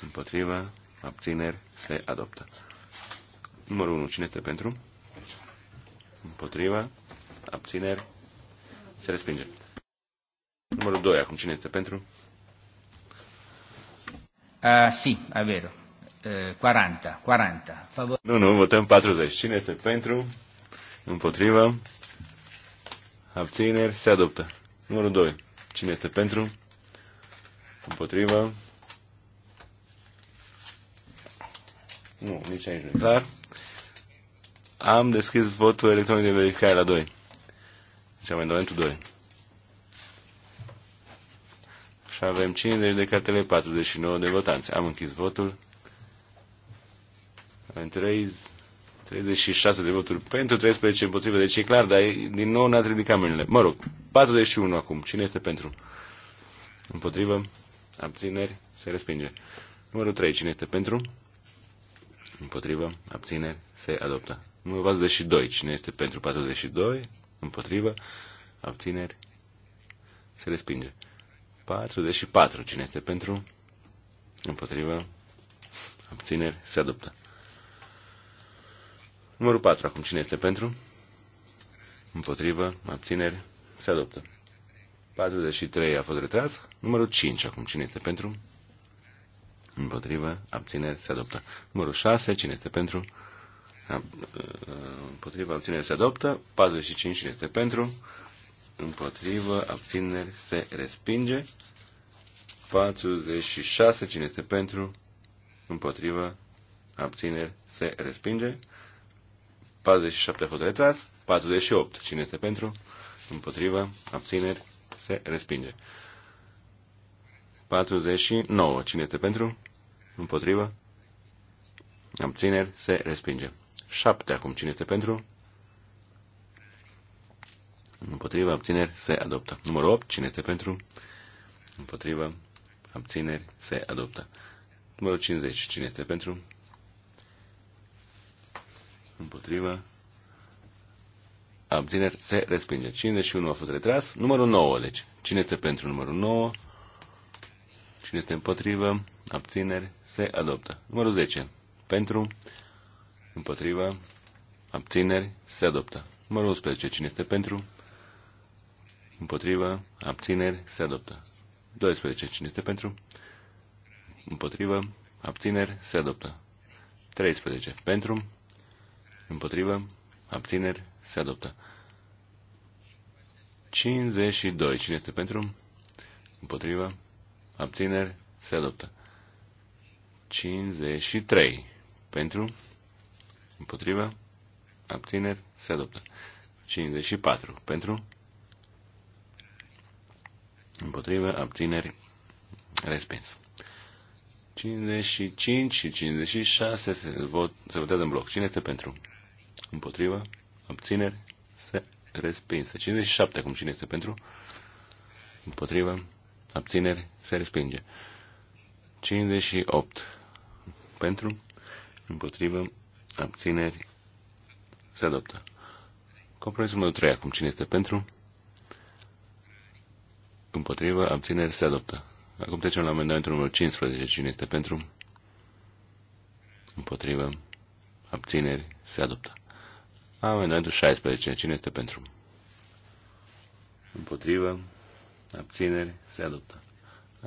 Împotrivă. Abțineri se adoptă. Numărul 1. Cine este pentru? Împotrivă. Abțineri. Se respinge. Numărul 2. Acum cine este pentru? Uh, sì, è vero. Uh, 40, 40. Favor- nu, nu, votăm 40. Cine este pentru? Împotriva? Abțineri? Se adoptă. Numărul 2. Cine este pentru? Împotriva? Nu, nici aici nu clar. Am deschis votul electronic de verificare la 2. Deci amendamentul 2. și avem 50 de cartele, 49 de votanți. Am închis votul. Avem 3, 36 de voturi pentru, 13 împotrivă. Deci e clar, dar din nou n-ați ridicat mâinile. Mă rog, 41 acum. Cine este pentru? Împotrivă? Abțineri? Se respinge. Numărul 3. Cine este pentru? Împotrivă? Abțineri? Se adoptă. Numărul 42. Cine este pentru 42? Împotrivă? Abțineri? Se respinge. 44. Cine este pentru? Împotrivă. Abțineri. Se adoptă. Numărul 4. Acum cine este pentru? Împotrivă. Abțineri. Se adoptă. 43 a fost retras. Numărul 5. Acum cine este pentru? Împotrivă. Abțineri. Se adoptă. Numărul 6. Cine este pentru? Uh, împotrivă. Abțineri. Se adoptă. 45. Cine este pentru? împotrivă, abțineri, se respinge. 46, cine este pentru, împotrivă, abțineri, se respinge. 47 a fost retras. 48, cine este pentru, împotrivă, abțineri, se respinge. 49, cine este pentru, împotrivă, abțineri, se respinge. 7 acum, cine este pentru, Împotriva abțineri se adoptă. Numărul 8. Cine este pentru? Împotriva abțineri se adoptă. Numărul 50. Cine este pentru? Împotriva abțineri se respinge. 51 a fost retras. Numărul 9. Deci, cine este pentru numărul 9? Cine este împotrivă? Abțineri se adoptă. Numărul 10. Pentru, împotriva, abțineri se adoptă. Numărul 11. Cine este pentru? Împotrivă. Abțineri. Se adoptă. 12. Cine este pentru? Împotrivă. Abțineri. Se adoptă. 13. Pentru. Împotrivă. Abțineri. Se adoptă. 52. Cine este pentru? Împotrivă. Abțineri. Se adoptă. 53. Pentru. Împotrivă. Abțineri. Se adoptă. 54. Pentru. Împotrivă, abțineri, respins. 55 și 56 se, vot, se votează în bloc. Cine este pentru? Împotrivă, abțineri, se respinse. 57 acum cine este pentru? Împotrivă, abțineri, se respinge. 58 pentru, împotrivă, abțineri, se adoptă. Compromisul numărul 3 acum cine este pentru? Împotrivă, abțineri, se adoptă. Acum trecem la amendamentul numărul 15. Cine este pentru? Împotrivă, abțineri, se adoptă. Amendamentul 16. Cine este pentru? Împotrivă, abțineri, se adoptă.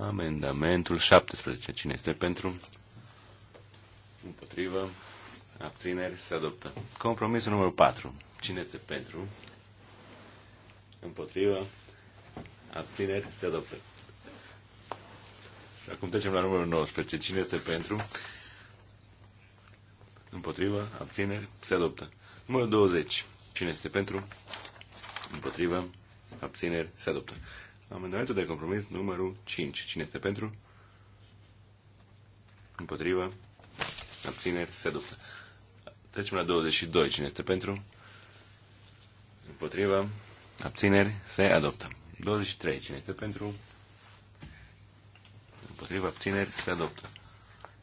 Amendamentul 17. Cine este pentru? Împotrivă. Abțineri se adoptă. Compromisul numărul 4. Cine este pentru? Împotrivă abțineri, se adoptă. Și acum trecem la numărul 19. Cine este pentru? Împotrivă, abțineri, se adoptă. Numărul 20. Cine este pentru? Împotrivă, abțineri, se adoptă. Amendamentul de compromis numărul 5. Cine este pentru? Împotrivă, abțineri, se adoptă. Trecem la 22. Cine este pentru? Împotrivă, abțineri, se adoptă. 23. Cine este pentru? Împotriva abțineri se adoptă.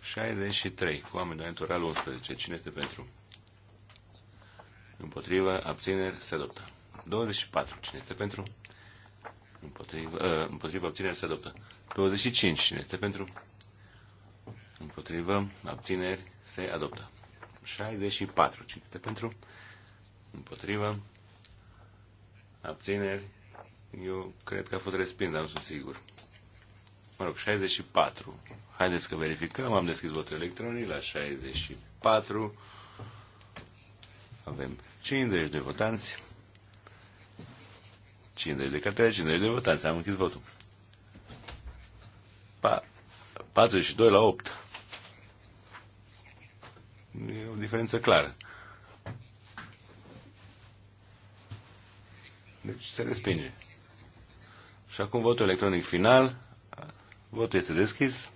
63. Cu amendament oral 11. Cine este pentru? Împotriva abțineri se adoptă. 24. Cine este pentru? Împotriva, uh, împotriva abțineri se adoptă. 25. Cine este pentru? Împotriva abțineri se adoptă. 64. Cine este pentru? Împotriva abțineri eu cred că a fost respins, dar nu sunt sigur. Mă rog, 64. Haideți că verificăm. Am deschis votul electronic la 64. Avem 50 de votanți. 50 de cartele, 50 de votanți. Am închis votul. Pa, 42 la 8. E o diferență clară. Deci se respinge. Și acum votul electronic final. Votul este deschis.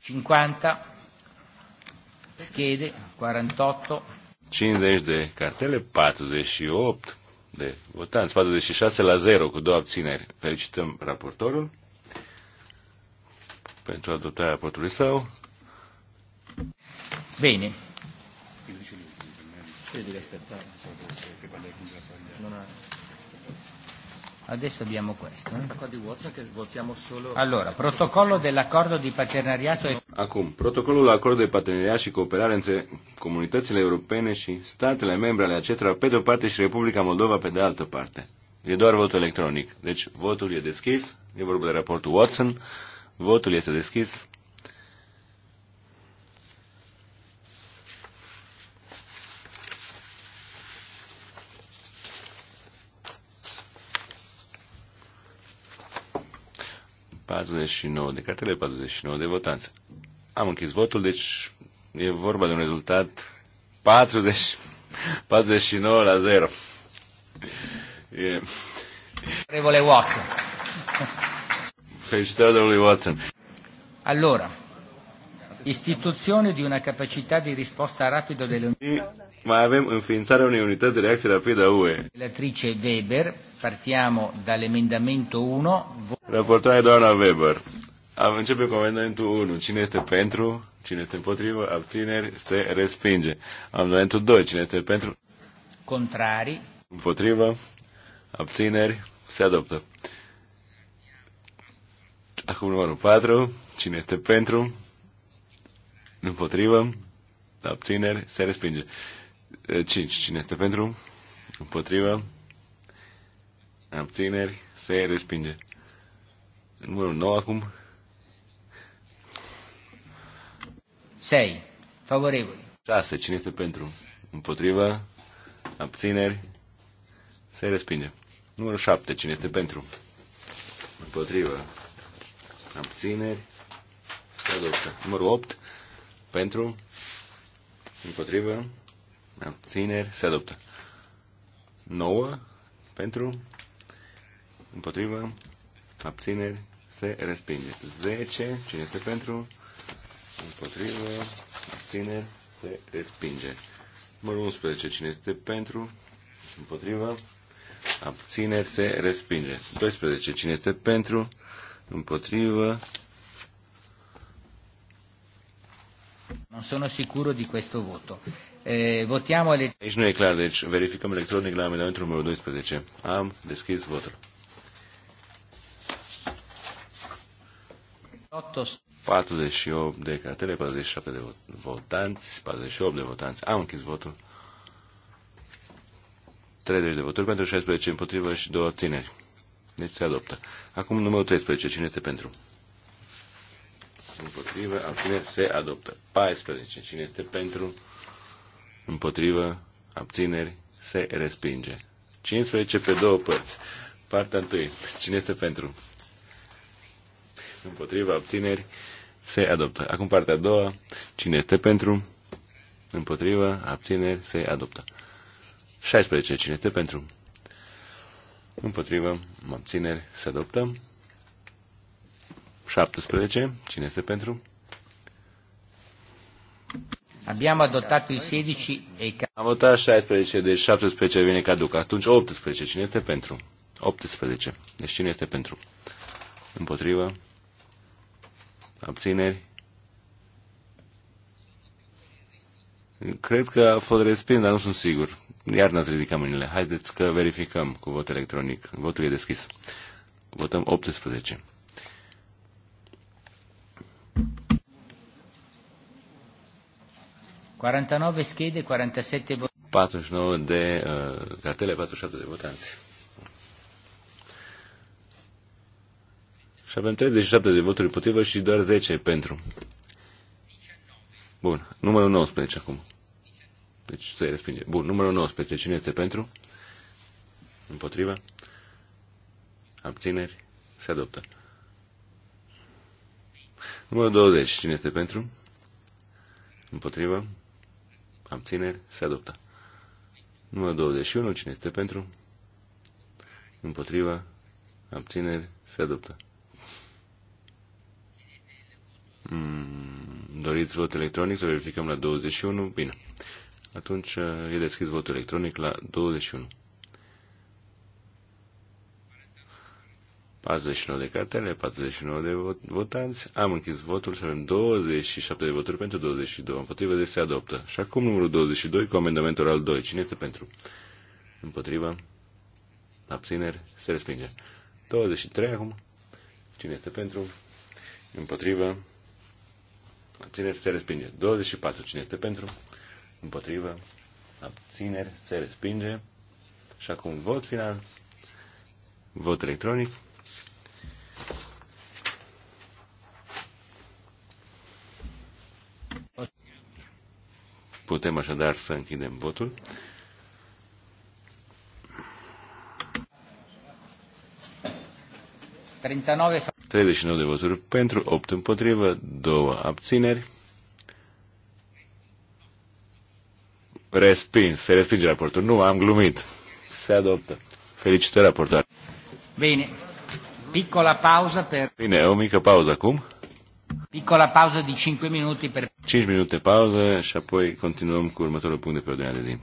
Cinquanta schede, 48. 50 de cartele, 48 de votanți, 46 la 0 cu două abțineri. Felicităm raportorul pentru adoptarea raportului său. Bine. Adesso abbiamo questo. Eh? Allora, protocollo dell'accordo di paternariato e... Acum, protocolul acord de parteneriat și cooperare între comunitățile europene și statele membre ale acestora pe de o parte și Republica Moldova pe de altă parte. E doar votul electronic. Deci votul e deschis, e vorba de raportul Watson. Votul este deschis. Patruzeci de cartele, 49 de votanți. Am închis votul, deci e vorba de un rezultat 40, 49 la 0. Yeah. Felicitări, domnului Watson. Allora, istituzione di una capacità di risposta rapida delle Mai avem înființarea unei unități de reacție rapidă a UE. Relatrice Weber, partiamo dall'emendamento 1. Raportarea doamna Weber. Am început cu amendamentul 1. Cine este pentru? Cine este împotrivă? Abțineri? Se respinge. Amendamentul 2. Cine este pentru? Contrari. Împotrivă? Abțineri? Se adoptă. Acum numărul 4. Cine este pentru? Împotrivă? Abțineri? Se respinge. 5. Cine este pentru? Împotrivă? Abțineri? Se respinge. Numărul 9 acum. 6. Favorabil. 6. Cine este pentru? Împotrivă? Abțineri? Se respinge. Numărul 7. Cine este pentru? Împotrivă? abțineri, se adoptă. Numărul 8, pentru, împotrivă, abțineri, se adoptă. 9, pentru, împotrivă, abțineri, se respinge. 10, cine este pentru, împotrivă, abțineri, se respinge. Numărul 11, cine este pentru, împotrivă, abțineri, se respinge. 12, cine este pentru, Împotrivă. Non sono sicuro di questo voto. Eh, votiamo ele... Aici nu e clar, deci verificăm electronic la amendamentul numărul 12. Am deschis votul. 48 de cartele, 47 de votanți, 48 de votanți. Am închis votul. 30 de voturi pentru 16 împotrivă și două țineri. Deci se adoptă. Acum numărul 13. Cine este pentru? Împotrivă. Abțineri se adoptă. 14. Cine este pentru? Împotrivă. Abțineri se respinge. 15 pe două părți. Partea 1. Cine este pentru? Împotriva abțineri se adoptă. Acum partea a doua. Cine este pentru? Împotriva abțineri se adoptă. 16. Cine este pentru? împotrivă, mă abțineri, să adoptăm. 17, cine este pentru? Abbiamo adottato i 16 e... Am votat 16, deci 17 vine caduc. Atunci 18, cine este pentru? 18, deci cine este pentru? Împotrivă, abțineri, Cred că a fost respins, dar nu sunt sigur. Iar n-ați ridicat mâinile. Haideți că verificăm cu vot electronic. Votul e deschis. Votăm 18. ...49 schede, 47 votanti. 49 de uh, cartele, 47 de votanți. Și avem 37 de voturi împotrivă și doar 10 pentru. Bun, numărul 19 acum. Deci se respinge. Bun, numărul 19. Cine este pentru? Împotriva? Abțineri? Se adoptă. Numărul 20. Cine este pentru? Împotriva? Abțineri? Se adoptă. Numărul 21. Cine este pentru? Împotriva? Abțineri? Se adoptă. Mm, doriți vot electronic să verificăm la 21? Bine. Atunci uh, e deschis votul electronic la 21. 49 de cartele, 49 de vot- votanți. Am închis votul și avem 27 de voturi pentru 22. Împotrivă de se adoptă. Și acum numărul 22 cu amendamentul al 2. Cine este pentru? Împotrivă. Abțineri. Se respinge. 23 acum. Cine este pentru? Împotrivă. Abțineri. Se respinge. 24. Cine este pentru? împotrivă, abțineri, se respinge. Și acum vot final, vot electronic. Putem așadar să închidem votul. ...39 de voturi pentru opt împotrivă, două abțineri. Respins. Se respinge raportul. Nu, am glumit. Se adoptă. Felicitări raportare. Bine. Piccola pauză per... Bine, o mică pauză acum. Piccola pauză de 5 minute per... 5 minute pauză și apoi continuăm cu următorul punct de pe ordinea de zi.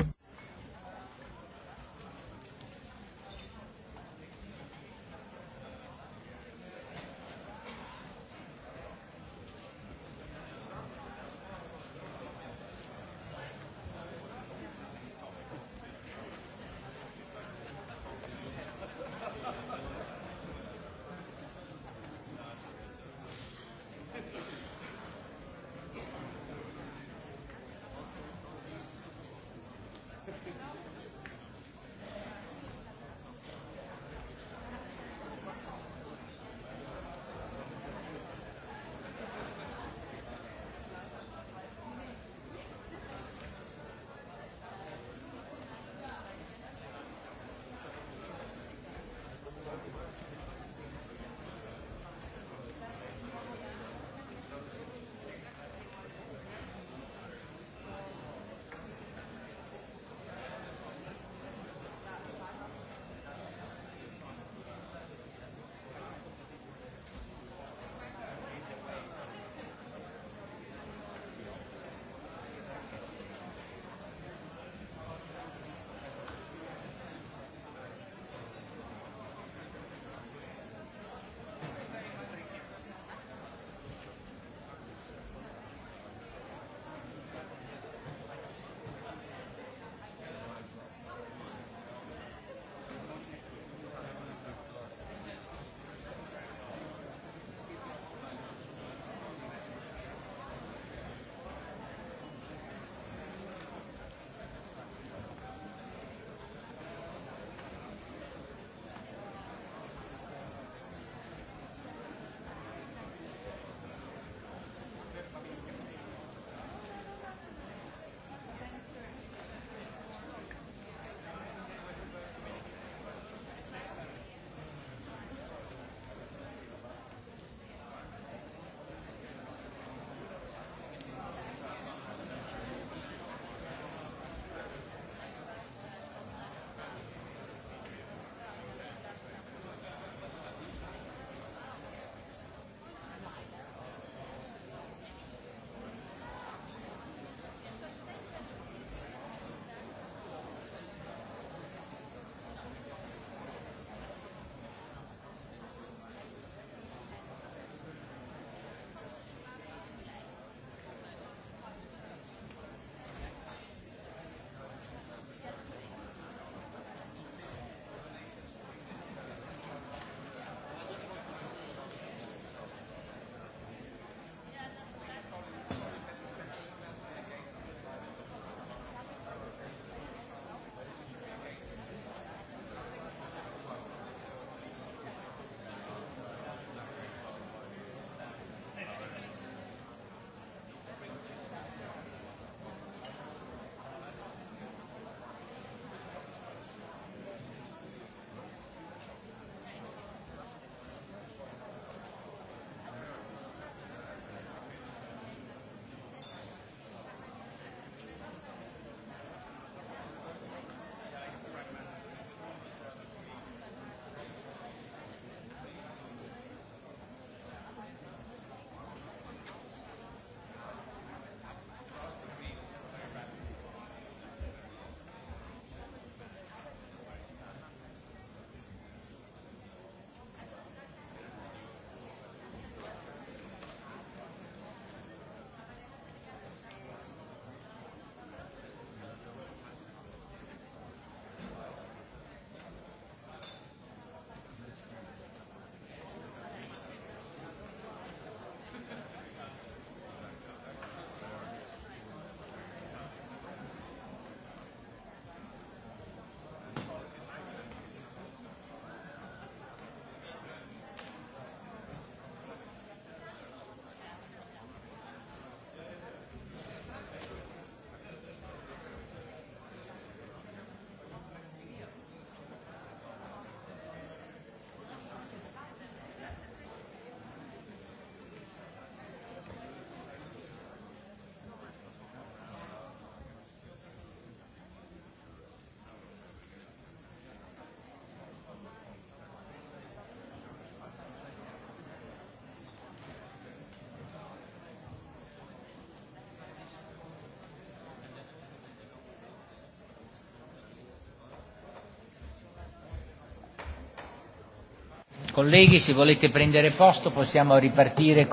Colleghi, se volete prendere posto possiamo ripartire.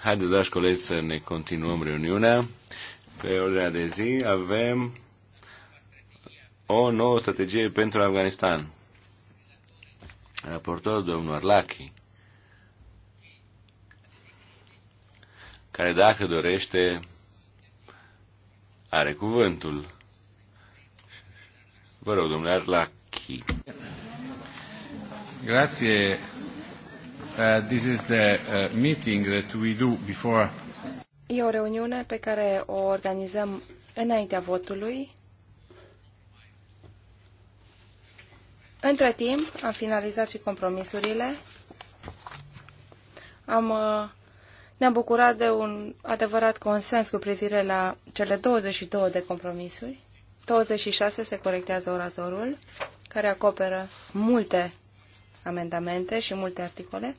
Haideți, dragi colegi, să ne continuăm reuniunea. Pe ordinea de zi avem o nouă strategie pentru Afganistan. Raportorul domnul Arlachi, care dacă dorește are cuvântul. Vă rog, domnule Arlachi. Grazie. Uh, this is the uh, meeting that we do before. E o reuniune pe care o organizăm înaintea votului. Între timp, am finalizat și compromisurile. Am, uh, ne-am bucurat de un adevărat consens cu privire la cele 22 de compromisuri. 26 se corectează oratorul, care acoperă multe amendamente și multe articole.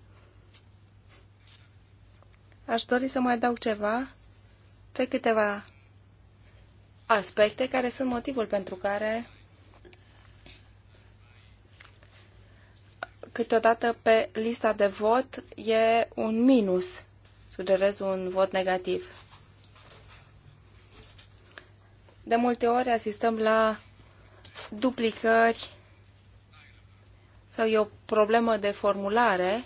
Aș dori să mai dau ceva pe câteva aspecte care sunt motivul pentru care câteodată pe lista de vot e un minus. Sugerez un vot negativ. De multe ori asistăm la duplicări sau e o problemă de formulare,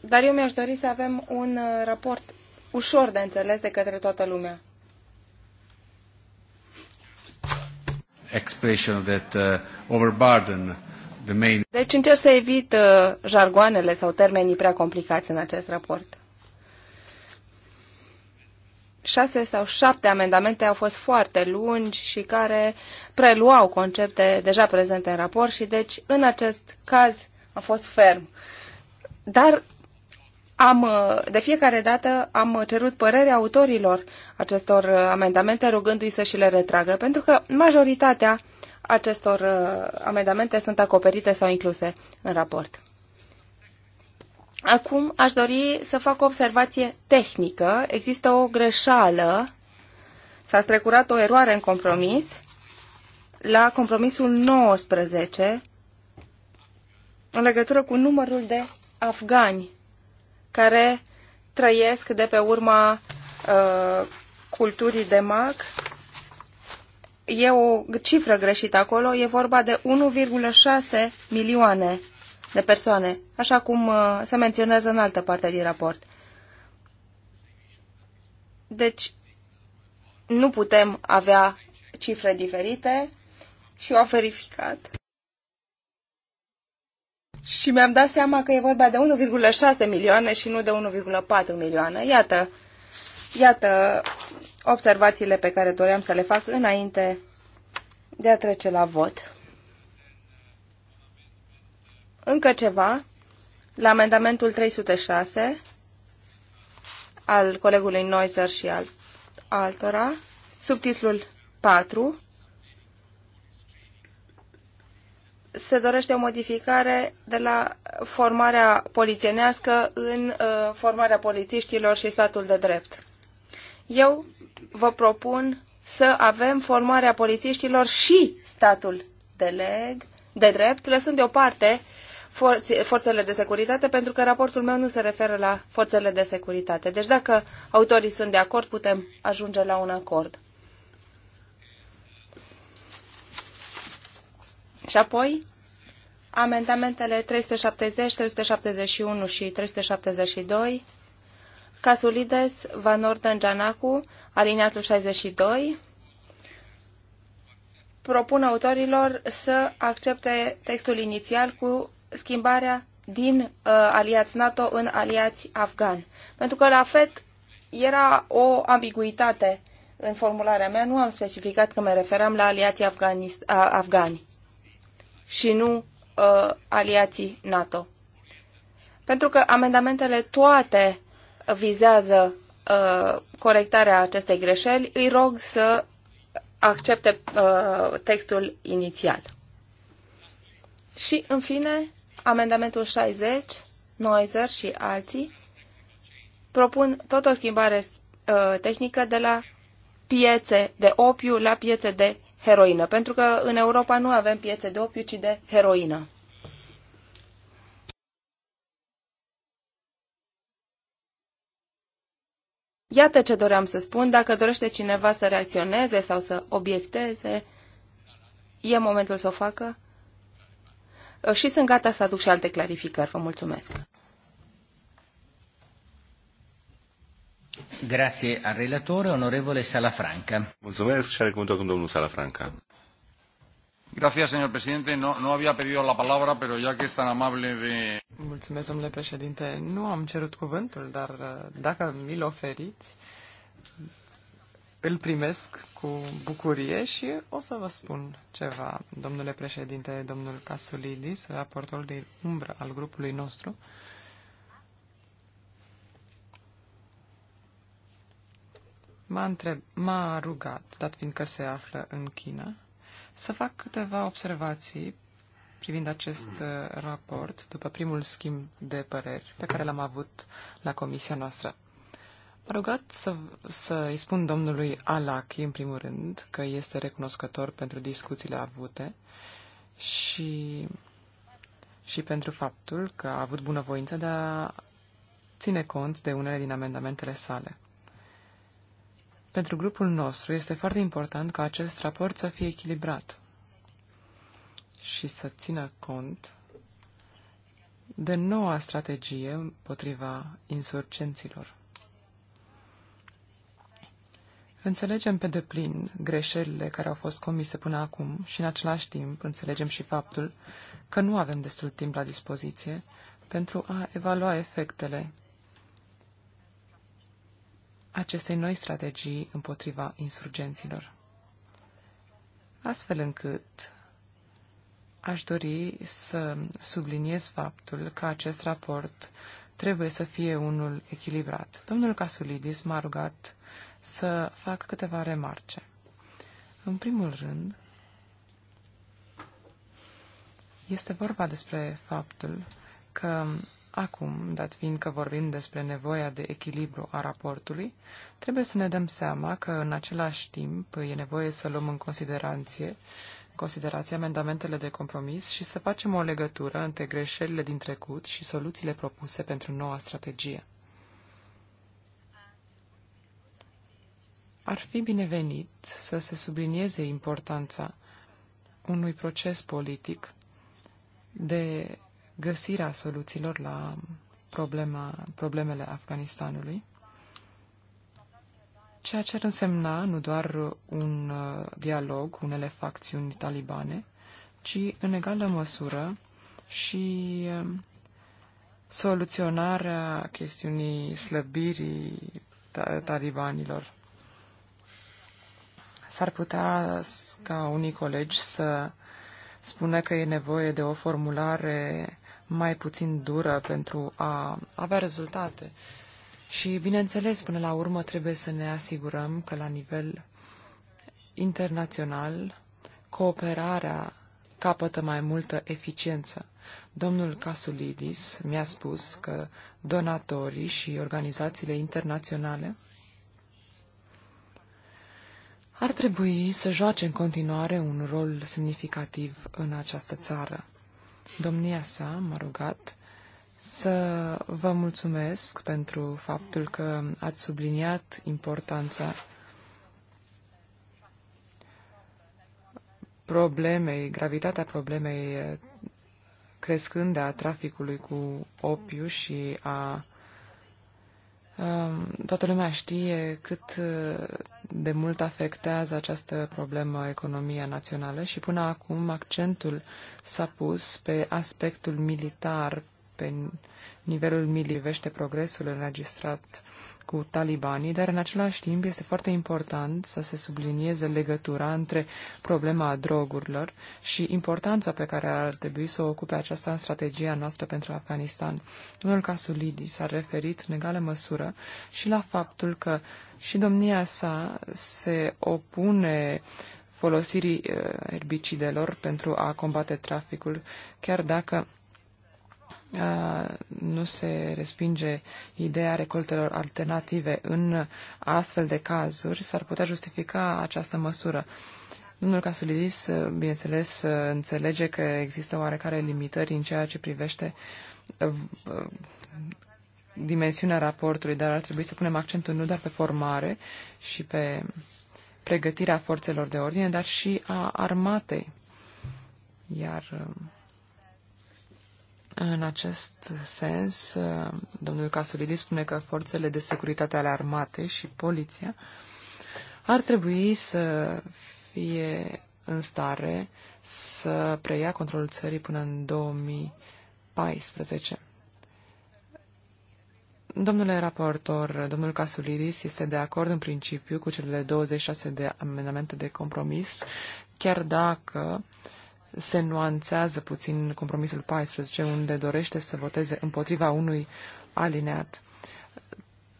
dar eu mi-aș dori să avem un uh, raport ușor de înțeles de către toată lumea. Expression that uh, overburden the main... Deci încerc să evit uh, jargoanele sau termenii prea complicați în acest raport șase sau șapte amendamente au fost foarte lungi și care preluau concepte deja prezente în raport și deci în acest caz am fost ferm. Dar am, de fiecare dată am cerut părerea autorilor acestor amendamente rugându-i să și le retragă, pentru că majoritatea acestor uh, amendamente sunt acoperite sau incluse în raport. Acum aș dori să fac o observație tehnică. Există o greșeală, s-a strecurat o eroare în compromis, la compromisul 19, în legătură cu numărul de afgani care trăiesc de pe urma uh, culturii de mag. E o cifră greșită acolo, e vorba de 1,6 milioane de persoane, așa cum uh, se menționează în altă parte din raport. Deci, nu putem avea cifre diferite și o verificat. Și mi-am dat seama că e vorba de 1,6 milioane și nu de 1,4 milioane. Iată, iată observațiile pe care doream să le fac înainte de a trece la vot. Încă ceva, la amendamentul 306 al colegului Noizer și al altora, subtitlul 4, se dorește o modificare de la formarea polițienească în uh, formarea polițiștilor și statul de drept. Eu vă propun să avem formarea polițiștilor și statul de, leg, de drept, lăsând deoparte uh, forțele de securitate, pentru că raportul meu nu se referă la forțele de securitate. Deci dacă autorii sunt de acord, putem ajunge la un acord. Și apoi, amendamentele 370, 371 și 372, Casulides, Van Orden, Gianacu, aliniatul 62, propun autorilor să accepte textul inițial cu schimbarea din uh, aliați NATO în aliați afgani. Pentru că la FED era o ambiguitate în formularea mea, nu am specificat că mă referam la aliații afganist, afgani și nu uh, aliații NATO. Pentru că amendamentele toate vizează uh, corectarea acestei greșeli, îi rog să accepte uh, textul inițial. Și, în fine, amendamentul 60, Noizer și alții propun tot o schimbare uh, tehnică de la piețe de opiu la piețe de heroină, pentru că în Europa nu avem piețe de opiu, ci de heroină. Iată ce doream să spun. Dacă dorește cineva să reacționeze sau să obiecteze, e momentul să o facă. Uh, și sunt gata să aduc și alte clarificări. Vă mulțumesc. Grazie al relatore, onorevole Salafranca. Mulțumesc și are cuvântul cu domnul Salafranca. Gracias, señor presidente. No, no había pedido la palabra, pero ya que es tan amable de... Mulțumesc, domnule președinte. Nu am cerut cuvântul, dar uh, dacă mi-l oferiți, îl primesc cu bucurie și o să vă spun ceva, domnule președinte, domnul Casulidis, raportorul de umbră al grupului nostru. M-a, întreb, m-a rugat, dat fiindcă se află în China, să fac câteva observații privind acest uh, raport după primul schimb de păreri pe care l-am avut la comisia noastră rugat să, să îi spun domnului Alachi, în primul rând, că este recunoscător pentru discuțiile avute și, și pentru faptul că a avut bunăvoință de a ține cont de unele din amendamentele sale. Pentru grupul nostru este foarte important ca acest raport să fie echilibrat și să țină cont de noua strategie împotriva insurgenților. Înțelegem pe deplin greșelile care au fost comise până acum și în același timp înțelegem și faptul că nu avem destul timp la dispoziție pentru a evalua efectele acestei noi strategii împotriva insurgenților. Astfel încât aș dori să subliniez faptul că acest raport trebuie să fie unul echilibrat. Domnul Casulidis m-a rugat să fac câteva remarce. În primul rând, este vorba despre faptul că acum, dat fiind că vorbim despre nevoia de echilibru a raportului, trebuie să ne dăm seama că în același timp e nevoie să luăm în considerație considerați amendamentele de compromis și să facem o legătură între greșelile din trecut și soluțiile propuse pentru noua strategie. Ar fi binevenit să se sublinieze importanța unui proces politic de găsirea soluțiilor la problema, problemele Afganistanului, ceea ce ar însemna nu doar un uh, dialog, unele facțiuni talibane, ci în egală măsură și uh, soluționarea chestiunii slăbirii talibanilor. S-ar putea ca unii colegi să spună că e nevoie de o formulare mai puțin dură pentru a avea rezultate. Și, bineînțeles, până la urmă trebuie să ne asigurăm că la nivel internațional cooperarea capătă mai multă eficiență. Domnul Casulidis mi-a spus că donatorii și organizațiile internaționale ar trebui să joace în continuare un rol semnificativ în această țară. Domnia sa m-a rugat să vă mulțumesc pentru faptul că ați subliniat importanța problemei, gravitatea problemei eh, crescând a traficului cu opiu și a eh, toată lumea știe cât eh, de mult afectează această problemă economia națională și până acum accentul s-a pus pe aspectul militar, pe nivelul milivește progresul înregistrat cu talibanii, dar în același timp este foarte important să se sublinieze legătura între problema drogurilor și importanța pe care ar trebui să o ocupe aceasta în strategia noastră pentru Afganistan. Domnul Casulidi s-a referit în egală măsură și la faptul că și domnia sa se opune folosirii uh, erbicidelor pentru a combate traficul, chiar dacă Uh, nu se respinge ideea recoltelor alternative. În astfel de cazuri s-ar putea justifica această măsură. Domnul Casulidis, uh, bineînțeles, uh, înțelege că există oarecare limitări în ceea ce privește dimensiunea raportului, dar ar trebui să punem accentul nu doar pe formare și pe pregătirea forțelor de ordine, dar și a armatei. Iar în acest sens, domnul Casulidi spune că forțele de securitate ale armate și poliția ar trebui să fie în stare să preia controlul țării până în 2014. Domnule raportor, domnul Casulidis este de acord în principiu cu cele 26 de amendamente de compromis, chiar dacă uh, se nuanțează puțin compromisul 14, unde dorește să voteze împotriva unui alineat.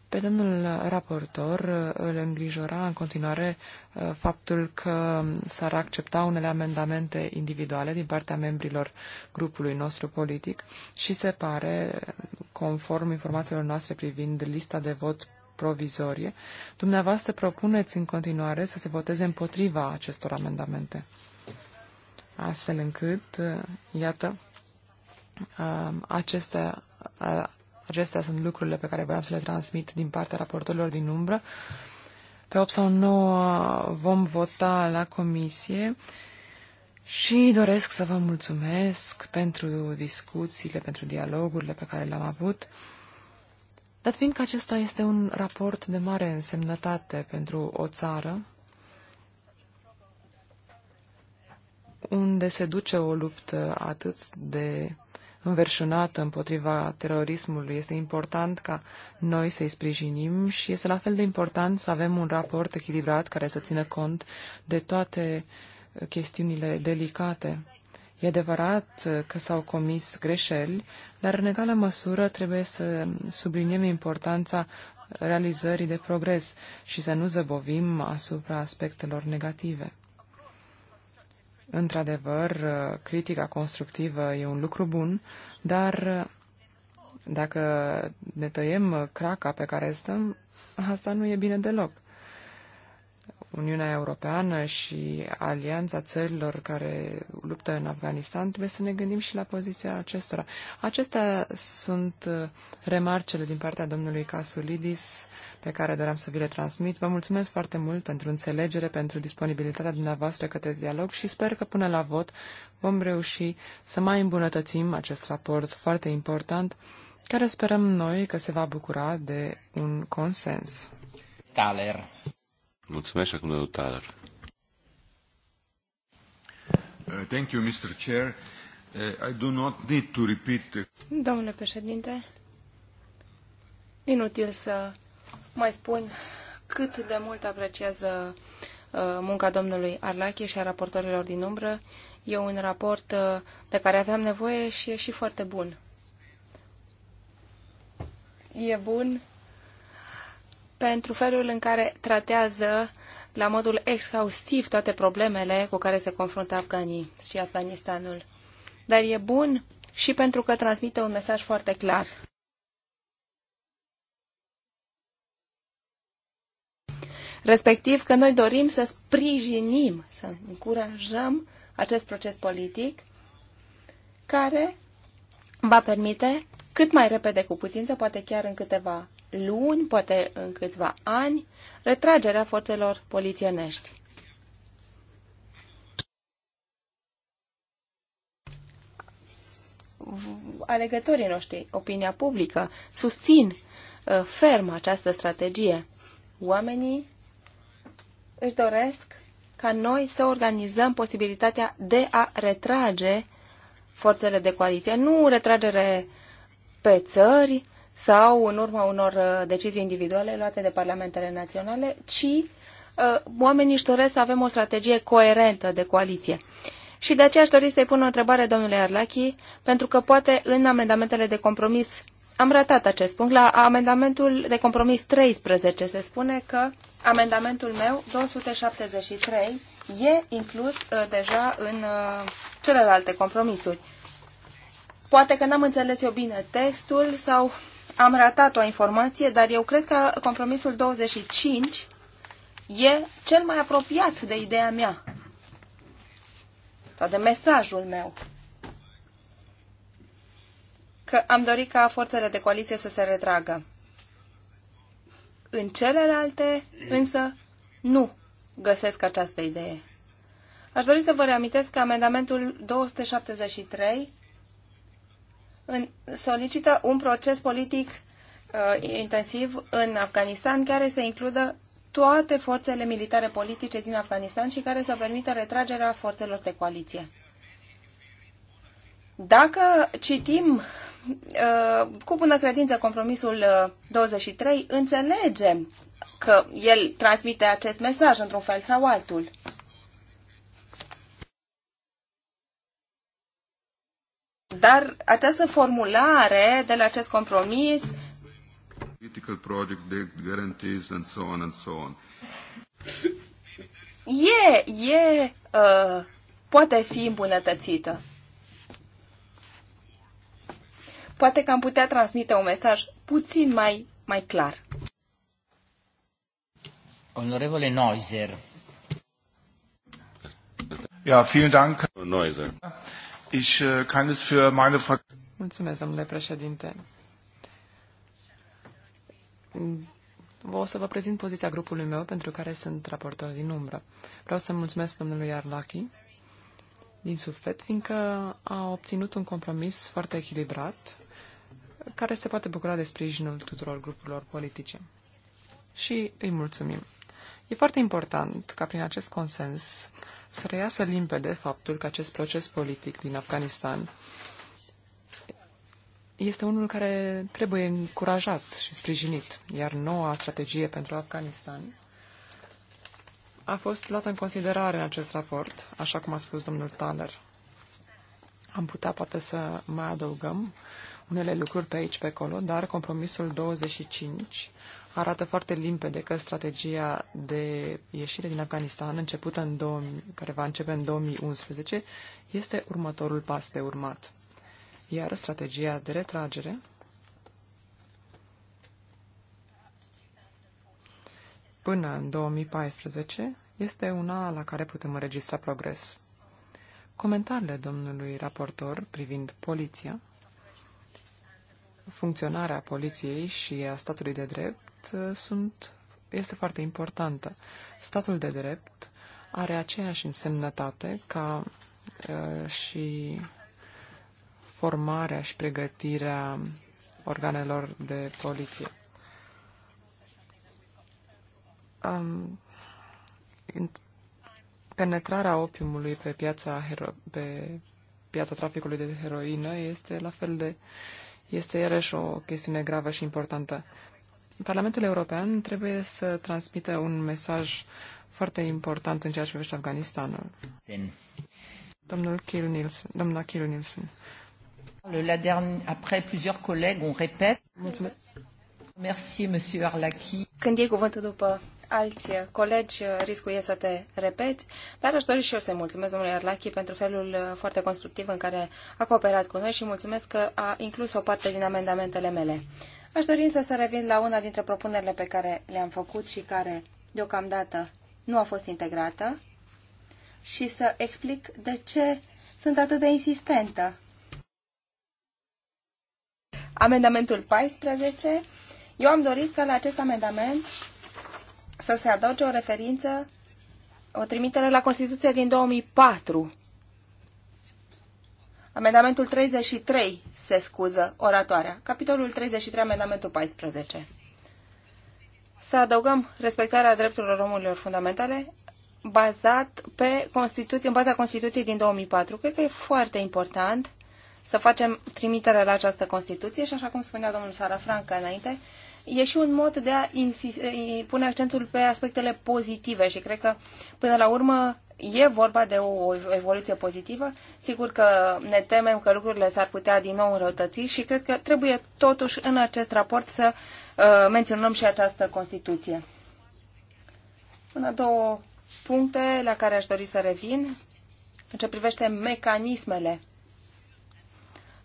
Pe domnul raportor uh, îl îngrijora în continuare uh, faptul că s-ar accepta unele amendamente individuale din partea membrilor grupului nostru politic și se pare, conform informațiilor noastre privind lista de vot provizorie, dumneavoastră propuneți în continuare să se voteze împotriva acestor amendamente astfel încât, uh, iată, uh, acestea, uh, acestea sunt lucrurile pe care voiam să le transmit din partea raportorilor din umbră. Pe 8 sau 9 vom vota la comisie și doresc să vă mulțumesc pentru discuțiile, pentru dialogurile pe care le-am avut. Dat fiindcă acesta este un raport de mare însemnătate pentru o țară, unde se duce o luptă atât de înverșunată împotriva terorismului. Este important ca noi să-i sprijinim și este la fel de important să avem un raport echilibrat care să țină cont de toate chestiunile delicate. E adevărat că s-au comis greșeli, dar în egală măsură trebuie să subliniem importanța realizării de progres și să nu zăbovim asupra aspectelor negative. Într-adevăr, critica constructivă e un lucru bun, dar dacă ne tăiem craca pe care stăm, asta nu e bine deloc. Uniunea Europeană și alianța țărilor care luptă în Afganistan, trebuie să ne gândim și la poziția acestora. Acestea sunt uh, remarcele din partea domnului Casulidis pe care doream să vi le transmit. Vă mulțumesc foarte mult pentru înțelegere, pentru disponibilitatea dumneavoastră către dialog și sper că până la vot vom reuși să mai îmbunătățim acest raport foarte important, care sperăm noi că se va bucura de un consens. Taler. Mulțumesc acum domnul Taler. Uh, thank you, Mr. Chair. Uh, I do not need to repeat. Domnule președinte, inutil să mai spun cât de mult apreciez uh, munca domnului Arlache și a raportorilor din umbră. E un raport de care aveam nevoie și e și foarte bun. E bun pentru felul în care tratează la modul exhaustiv toate problemele cu care se confruntă afganii și Afganistanul. Dar e bun și pentru că transmite un mesaj foarte clar. Respectiv că noi dorim să sprijinim, să încurajăm acest proces politic care va permite cât mai repede cu putință, poate chiar în câteva luni, poate în câțiva ani, retragerea forțelor polițienești. Alegătorii noștri, opinia publică, susțin uh, ferm această strategie. Oamenii își doresc ca noi să organizăm posibilitatea de a retrage forțele de coaliție. Nu retragere pe țări, sau în urma unor uh, decizii individuale luate de parlamentele naționale, ci uh, oamenii își doresc să avem o strategie coerentă de coaliție. Și de aceea aș dori să-i pun o întrebare domnului Arlachi, pentru că poate în amendamentele de compromis am ratat acest punct. La amendamentul de compromis 13 se spune că amendamentul meu 273 e inclus uh, deja în uh, celelalte compromisuri. Poate că n-am înțeles eu bine textul sau am ratat o informație, dar eu cred că compromisul 25 e cel mai apropiat de ideea mea sau de mesajul meu. Că am dorit ca forțele de coaliție să se retragă. În celelalte, însă, nu găsesc această idee. Aș dori să vă reamintesc că amendamentul 273 în, solicită un proces politic uh, intensiv în Afganistan care să includă toate forțele militare politice din Afganistan și care să permită retragerea forțelor de coaliție. Dacă citim uh, cu bună credință compromisul 23, uh, înțelegem că el transmite acest mesaj într-un fel sau altul. Dar această formulare de la acest compromis political project guarantees and so on and so on. E, e, uh, poate fi îmbunătățită. Poate că am putea transmite un mesaj puțin mai, mai clar. Onorevole Neuser. Ja, vielen Dank. Neuser. Ich äh, kann es für meine Mulțumesc, domnule președinte. Mm, o să vă prezint poziția grupului meu pentru care sunt raportor din umbră. Vreau să mulțumesc domnului Arlachi din suflet, fiindcă a obținut un compromis foarte echilibrat care se poate bucura de sprijinul tuturor grupurilor politice. Și îi mulțumim. E foarte important ca prin acest consens să reiasă limpede faptul că acest proces politic din Afganistan este unul care trebuie încurajat și sprijinit, iar noua strategie pentru Afganistan a fost luată în considerare în acest raport, așa cum a spus domnul Taler. Am putea poate să mai adăugăm unele lucruri pe aici, pe acolo, dar compromisul 25 arată foarte limpede că strategia de ieșire din Afganistan, începută în 2000, care va începe în 2011, este următorul pas de urmat. Iar strategia de retragere până în 2014 este una la care putem înregistra progres. Comentariile domnului raportor privind poliția, funcționarea poliției și a statului de drept sunt, este foarte importantă. Statul de drept are aceeași însemnătate ca uh, și formarea și pregătirea organelor de poliție. Um, penetrarea opiumului pe piața, hero- pe piața traficului de heroină este la fel de este iarăși o chestiune gravă și importantă. Parlamentul European trebuie să transmită un mesaj foarte important în ceea ce privește Afganistanul. Din. Domnul Kiel Nielsen, doamna Kiel Nielsen. La dernière, après plusieurs collègues, on répète. Mulțumesc. Merci, monsieur Arlaki. Când e cuvântul după alți colegi, riscuie să te repeți, dar aș dori și eu să-i mulțumesc domnului Arlachi pentru felul foarte constructiv în care a cooperat cu noi și mulțumesc că a inclus o parte din amendamentele mele. Aș dori însă să revin la una dintre propunerile pe care le-am făcut și care, deocamdată, nu a fost integrată și să explic de ce sunt atât de insistentă. Amendamentul 14. Eu am dorit ca la acest amendament să se adauge o referință, o trimitere la Constituția din 2004, Amendamentul 33 se scuză oratoarea. Capitolul 33, amendamentul 14. Să adăugăm respectarea drepturilor omului fundamentale bazat pe Constituție, în baza Constituției din 2004. Cred că e foarte important să facem trimitere la această Constituție și, așa cum spunea domnul Sara Franca înainte, uh, e și un mod de a pune accentul pe aspectele pozitive și cred că, până la urmă, e vorba de o evoluție pozitivă. Sigur că ne temem că lucrurile s-ar putea din nou înrăutăți și cred că trebuie totuși în acest raport să uh, menționăm și această Constituție. Până două puncte la care aș dori să revin în ce privește mecanismele.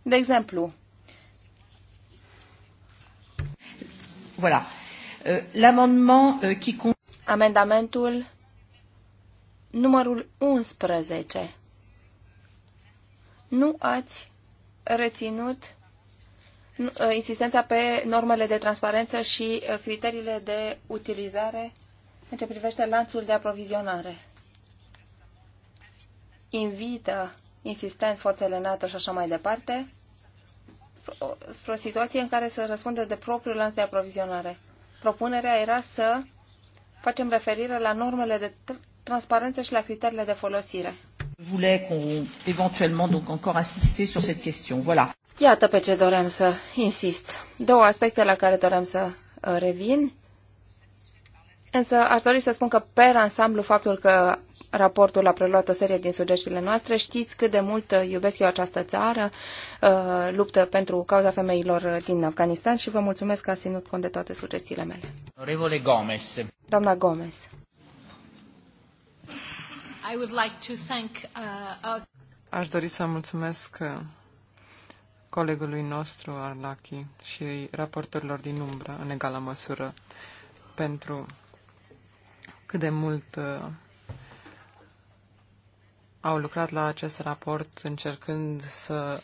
De exemplu, Voilà. Euh, l'amendement euh, qui Amendamentul numărul 11. Nu ați reținut uh, insistența pe normele de transparență și uh, criteriile de utilizare în ce privește lanțul de aprovizionare. Invită insistent forțele NATO și așa mai departe spre o situație în care să răspundă de propriul lanț de aprovizionare. Propunerea era să facem referire la normele de tr transparență și la criteriile de folosire. Iată pe ce doream să insist. Două aspecte la care doream să uh, revin. Însă aș dori să spun că, pe ansamblu, faptul că raportul a preluat o serie din sugestiile noastre. Știți cât de mult iubesc eu această țară, uh, luptă pentru cauza femeilor din Afganistan și vă mulțumesc că ați ținut cont de toate sugestiile mele. Onorevole Gomez. Doamna Gomez. I would like to thank, uh, our... Aș dori să mulțumesc uh, colegului nostru, Arlachi, și raportorilor din umbră, în egală măsură, pentru cât de mult uh, au lucrat la acest raport încercând să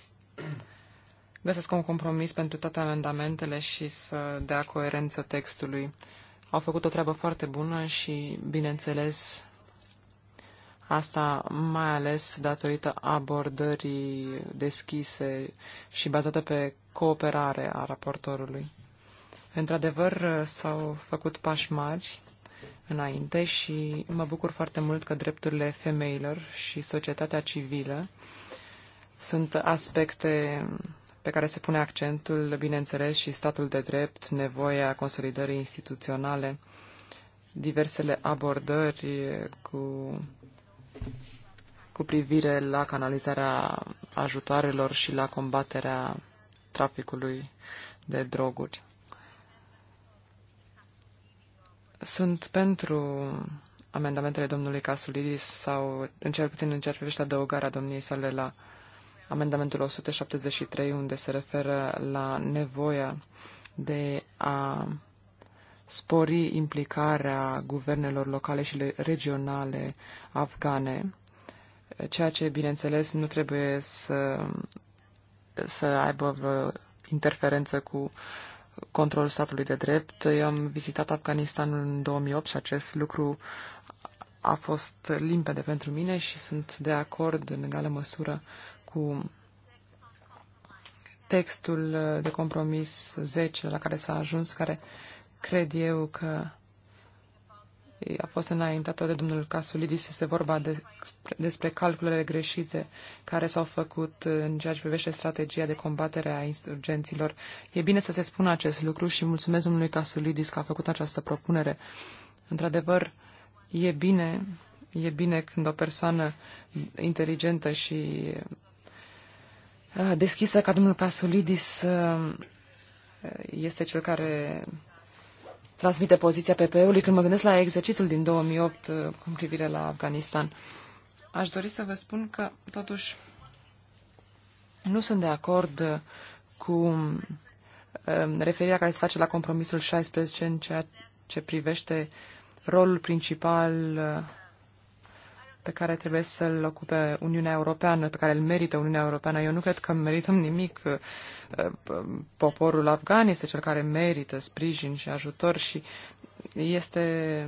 [CLEARS THROAT] găsesc un compromis pentru toate amendamentele și să dea coerență textului. Au făcut o treabă foarte bună și, bineînțeles, asta mai ales datorită abordării deschise și bazată pe cooperare a raportorului. Într-adevăr, s-au făcut pași mari înainte și mă bucur foarte mult că drepturile femeilor și societatea civilă sunt aspecte pe care se pune accentul, bineînțeles, și statul de drept, nevoia consolidării instituționale, diversele abordări cu, cu privire la canalizarea ajutoarelor și la combaterea traficului de droguri. Sunt pentru amendamentele domnului Casulidis sau, în cel puțin în ceea ce privește adăugarea domniei sale la amendamentul 173, unde se referă la nevoia de a spori implicarea guvernelor locale și regionale afgane, ceea ce, bineînțeles, nu trebuie să, să aibă interferență cu controlul statului de drept. Eu am vizitat Afganistanul în 2008 și acest lucru a fost limpede pentru mine și sunt de acord în egală măsură cu textul de compromis 10 la care s-a ajuns, care cred eu că a fost înaintată de domnul Casulidis. Este vorba de, despre calculele greșite care s-au făcut în ceea ce privește strategia de combatere a insurgenților. E bine să se spună acest lucru și mulțumesc domnului Casulidis că a făcut această propunere. Într-adevăr, e bine, e bine când o persoană inteligentă și uh, deschisă ca domnul Casulidis uh, este cel care transmite poziția PPE-ului când mă gândesc la exercițiul din 2008 uh, cu privire la Afganistan. Aș dori să vă spun că, totuși, nu sunt de acord uh, cu um, referirea care se face la compromisul 16 în ceea ce privește rolul principal uh, pe care trebuie să-l ocupe Uniunea Europeană, pe care îl merită Uniunea Europeană. Eu nu cred că merităm nimic. Uh, poporul afgan este cel care merită sprijin și ajutor și este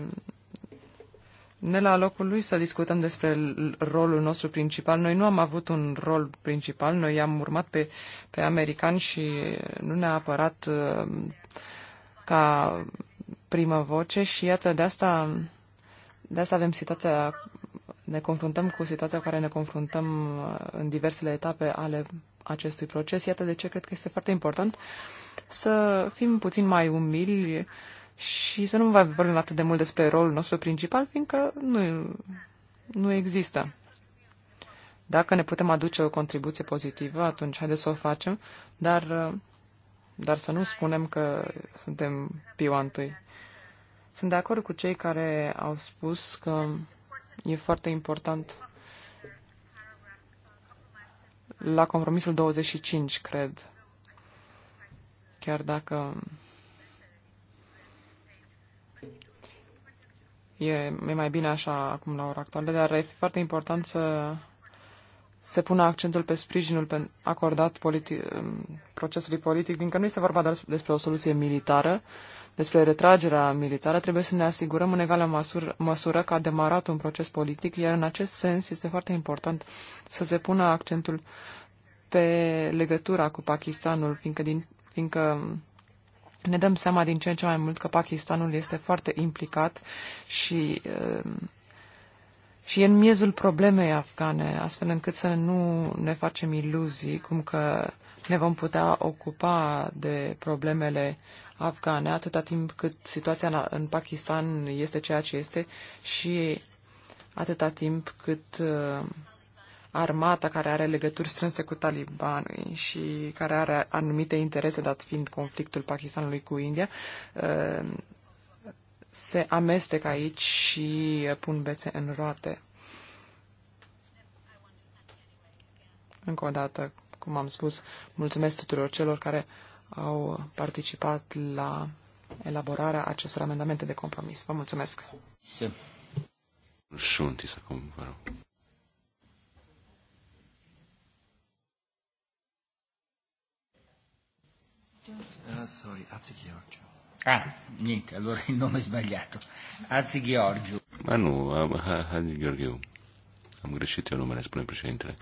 ne la locul lui să discutăm despre rolul nostru principal. Noi nu am avut un rol principal, noi am urmat pe, pe americani și nu ne-a apărat uh, ca primă voce și iată, de asta, de asta avem situația ne confruntăm cu situația cu care ne confruntăm uh, în diversele etape ale acestui proces. Iată de ce cred că este foarte important să fim puțin mai umili și să nu vorbim atât de mult despre rolul nostru principal, fiindcă nu, nu există. Dacă ne putem aduce o contribuție pozitivă, atunci haideți să o facem, dar, uh, dar să nu spunem că suntem piu întâi. Sunt de acord cu cei care au spus că E foarte important. La compromisul 25, cred. Chiar dacă e, e mai bine așa acum la ora actuală, dar e foarte important să se pune accentul pe sprijinul acordat politi- um, procesului politic, fiindcă nu este vorba doar despre o soluție militară, despre retragerea militară, trebuie să ne asigurăm în egală măsură, măsură că a demarat un proces politic, iar în acest sens este foarte important să se pună accentul pe legătura cu Pakistanul, fiindcă, din, fiindcă ne dăm seama din ce în ce mai mult că Pakistanul este foarte implicat și um, și e în miezul problemei afgane, astfel încât să nu ne facem iluzii cum că ne vom putea ocupa de problemele afgane atâta timp cât situația în Pakistan este ceea ce este și atâta timp cât uh, armata care are legături strânse cu talibanii și care are anumite interese, dat fiind conflictul Pakistanului cu India, uh, se amestec aici și pun bețe în roate. Încă o dată, cum am spus, mulțumesc tuturor celor care au participat la elaborarea acestor amendamente de compromis. Vă mulțumesc! Șuntis acum, vă rog. Ah, sorry, Atzi Georgiou. Ah, niente, allora il nome è sbagliato. Azi Gheorghiu. Ma nu, Anzi Giorgio. Am greșit eu numele, spune președintele.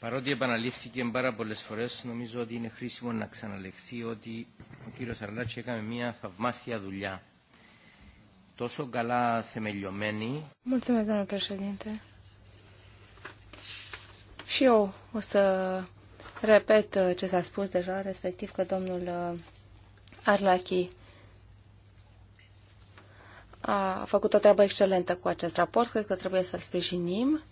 Παρότι επαναλήφθηκε πάρα πολλές φορές, νομίζω ότι είναι χρήσιμο να ξαναλεχθεί ότι ο κύριος Αρλάτσι έκανε μια θαυμάσια δουλειά. Τόσο καλά θεμελιωμένη. Mulțumesc, domnule președinte. Și eu o să repet uh, ce s-a spus deja, respectiv că domnul uh, Arlachi a făcut o treabă excelentă cu acest raport, cred că trebuie să-l sprijinim.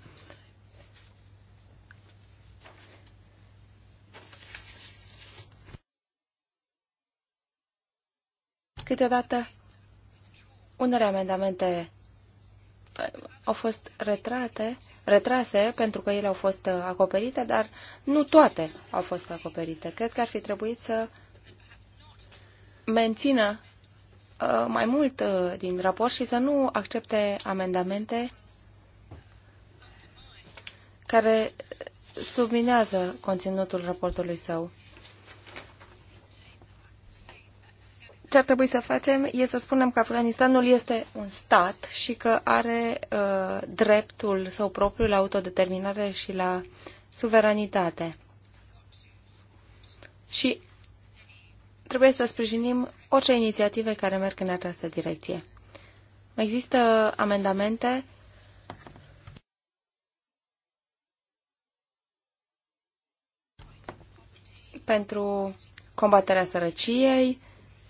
Câteodată, unele amendamente eh, au fost retrate, retrase pentru că ele au fost eh, acoperite, dar nu toate au fost acoperite. Cred că ar fi trebuit să mențină Uh, mai mult uh, din raport și să nu accepte amendamente care subminează conținutul raportului său. Ce ar trebui să facem e să spunem că Afganistanul este un stat și că are uh, dreptul său propriu la autodeterminare și la suveranitate. Și trebuie să sprijinim orice inițiative care merg în această direcție. Mai există amendamente pentru combaterea sărăciei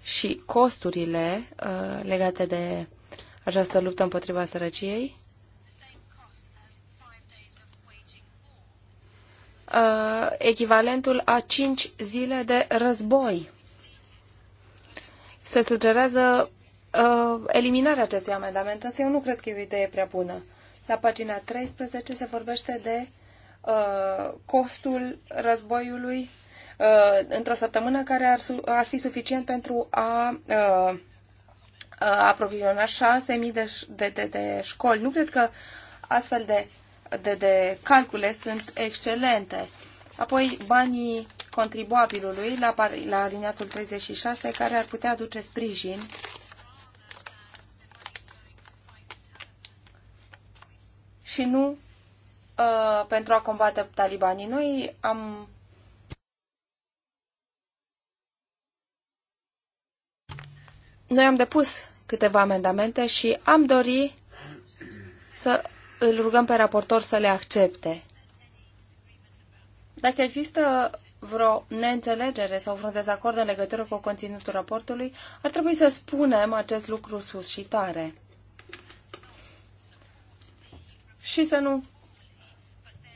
și costurile uh, legate de această luptă împotriva sărăciei. Uh, echivalentul a 5 zile de război se sugerează uh, eliminarea acestui amendament, însă eu nu cred că e o idee prea bună. La pagina 13 se vorbește de uh, costul războiului uh, într-o săptămână care ar, ar fi suficient pentru a uh, aproviziona 6.000 de, de, de, de școli. Nu cred că astfel de, de, de calcule sunt excelente. Apoi, banii contribuabilului la, la aliniatul 36 care ar putea aduce sprijin și nu uh, pentru a combate talibanii. Noi am Noi am depus câteva amendamente și am dori să îl rugăm pe raportor să le accepte. Dacă există vreo neînțelegere sau vreun dezacord în legătură cu conținutul raportului, ar trebui să spunem acest lucru sus și tare. Și să nu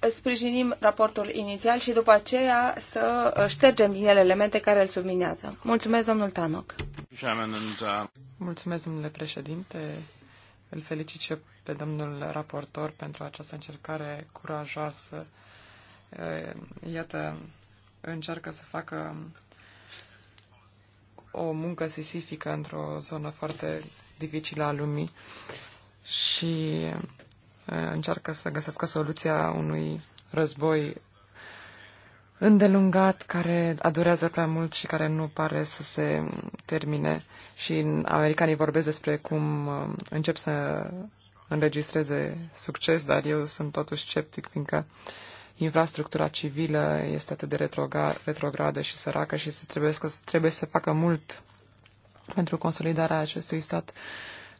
sprijinim raportul inițial și după aceea să ștergem din el elemente care îl subminează. Mulțumesc, domnul Tanoc. Mulțumesc, domnule președinte. Îl felicit și pe domnul raportor pentru această încercare curajoasă. Iată, încearcă să facă o muncă sisifică într-o zonă foarte dificilă a lumii și uh, încearcă să găsească soluția unui război îndelungat, care adurează prea mult și care nu pare să se termine. Și americanii vorbesc despre cum uh, încep să înregistreze succes, dar eu sunt totuși sceptic, fiindcă uh, infrastructura civilă este atât de retrogradă și săracă și se trebuie, să, trebuie să facă mult pentru consolidarea acestui stat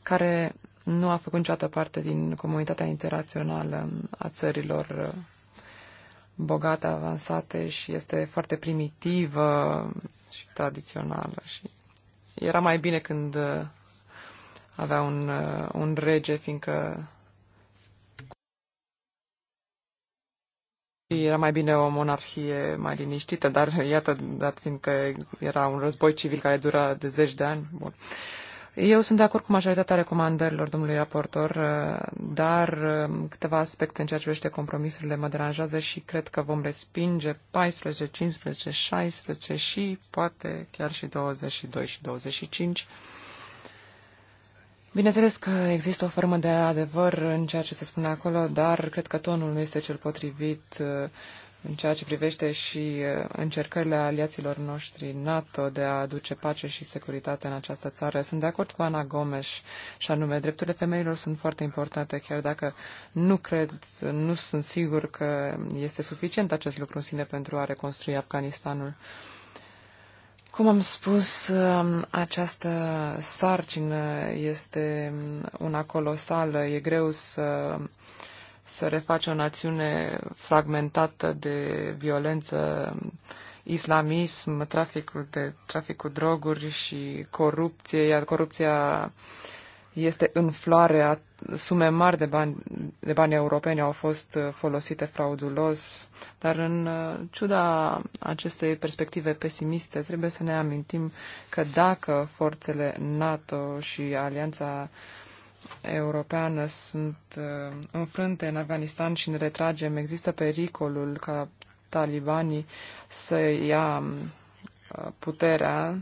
care nu a făcut niciodată parte din comunitatea internațională a țărilor uh, bogate, avansate și este foarte primitivă și tradițională. Și era mai bine când uh, avea un, uh, un rege, fiindcă Era mai bine o monarhie mai liniștită, dar iată, dat fiindcă era un război civil care dura de zeci de ani. Bun. Eu sunt de acord cu majoritatea recomandărilor domnului raportor, dar um, câteva aspecte în ceea ce privește compromisurile mă deranjează și cred că vom respinge 14, 15, 16 și poate chiar și 22 și 25 Bineînțeles că există o formă de adevăr în ceea ce se spune acolo, dar cred că tonul nu este cel potrivit uh, în ceea ce privește și uh, încercările aliaților noștri NATO de a aduce pace și securitate în această țară. Sunt de acord cu Ana Gomes și anume, drepturile femeilor sunt foarte importante, chiar dacă nu cred, nu sunt sigur că este suficient acest lucru în sine pentru a reconstrui Afganistanul. Uh, cum am spus, um, această sarcină este um, una colosală. E greu să, să refaci o națiune fragmentată de violență, um, islamism, traficul de traficul droguri și corupție, iar corupția uh, este în floare, sume mari de bani, de bani europeni au fost uh, folosite fraudulos, dar în uh, ciuda acestei perspective pesimiste, trebuie să ne amintim că dacă forțele NATO și Alianța Europeană sunt uh, înfrânte în Afganistan și ne retragem, există pericolul ca talibanii să ia puterea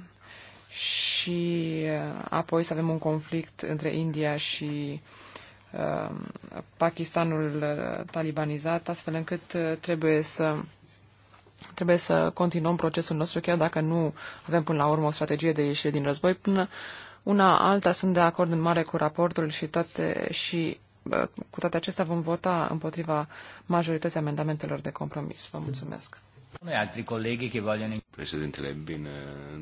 și uh, apoi să avem un conflict între India și uh, Pakistanul uh, talibanizat, astfel încât trebuie să trebuie să continuăm procesul nostru, chiar dacă nu avem până la urmă o strategie de ieșire din război, până una alta sunt de acord în mare cu raportul și toate și cu toate acestea vom vota împotriva majorității amendamentelor de compromis. Vă mulțumesc. Altri colleghi vogliono... Președintele, bine,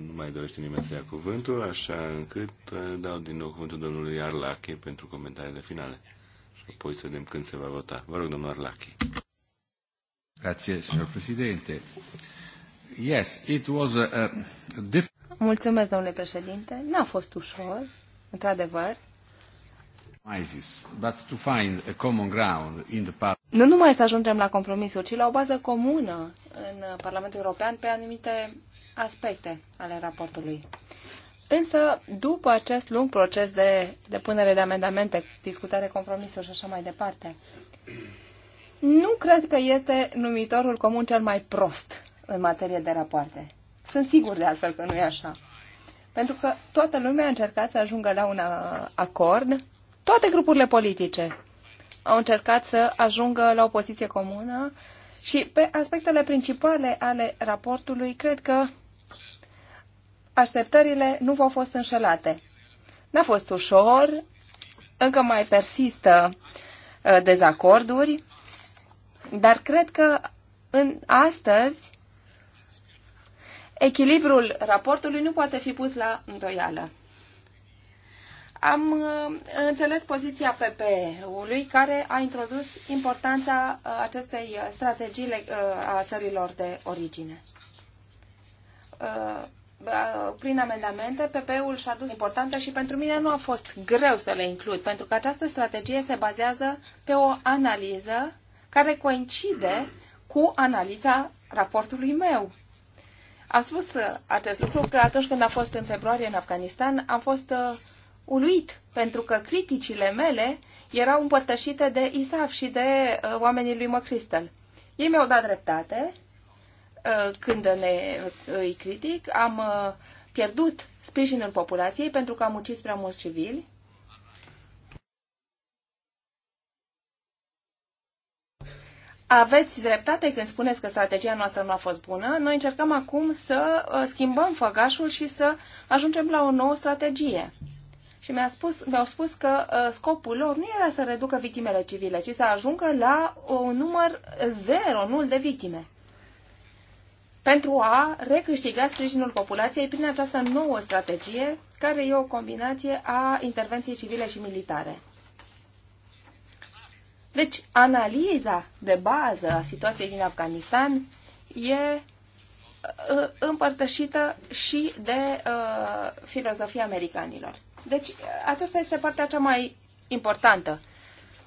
nu mai dorește nimeni să ia cuvântul, așa încât uh, dau din nou cuvântul domnului Arlache pentru comentariile finale. Și apoi să vedem când se va vota. Vă rog, domnul Arlache. Grazie, signor Yes, it was a, a diff- Mulțumesc, domnule președinte. N-a fost ușor, într-adevăr. Nu numai să ajungem la compromisuri, ci la o bază comună în Parlamentul European pe anumite aspecte ale raportului. Însă, după acest lung proces de depunere de amendamente, discutare compromisuri și așa mai departe, nu cred că este numitorul comun cel mai prost în materie de rapoarte. Sunt sigur de altfel că nu e așa. Pentru că toată lumea a încercat să ajungă la un uh, acord toate grupurile politice au încercat să ajungă la o poziție comună și pe aspectele principale ale raportului, cred că așteptările nu v-au fost înșelate. N-a fost ușor, încă mai persistă uh, dezacorduri, dar cred că în astăzi echilibrul raportului nu poate fi pus la îndoială. Am uh, înțeles poziția PPE-ului care a introdus importanța uh, acestei uh, strategii a țărilor de origine. Prin amendamente, PPE-ul și-a dus importanța și pentru mine nu a fost greu să le includ, pentru că această strategie se bazează pe o analiză care coincide cu analiza raportului meu a spus acest lucru că atunci când a fost în februarie în Afganistan, am fost uluit pentru că criticile mele erau împărtășite de Isaf și de uh, oamenii lui Măcristel. Ei mi-au dat dreptate uh, când ne, uh, îi critic. Am uh, pierdut sprijinul populației pentru că am ucis prea mulți civili. Aveți dreptate când spuneți că strategia noastră nu a fost bună. Noi încercăm acum să uh, schimbăm făgașul și să ajungem la o nouă strategie și mi-au spus, mi spus că uh, scopul lor nu era să reducă victimele civile, ci să ajungă la uh, un număr zero, nul de victime pentru a recâștiga sprijinul populației prin această nouă strategie, care e o combinație a intervenției civile și militare. Deci, analiza de bază a situației din Afganistan e uh, împărtășită și de uh, filozofia americanilor. Deci aceasta este partea cea mai importantă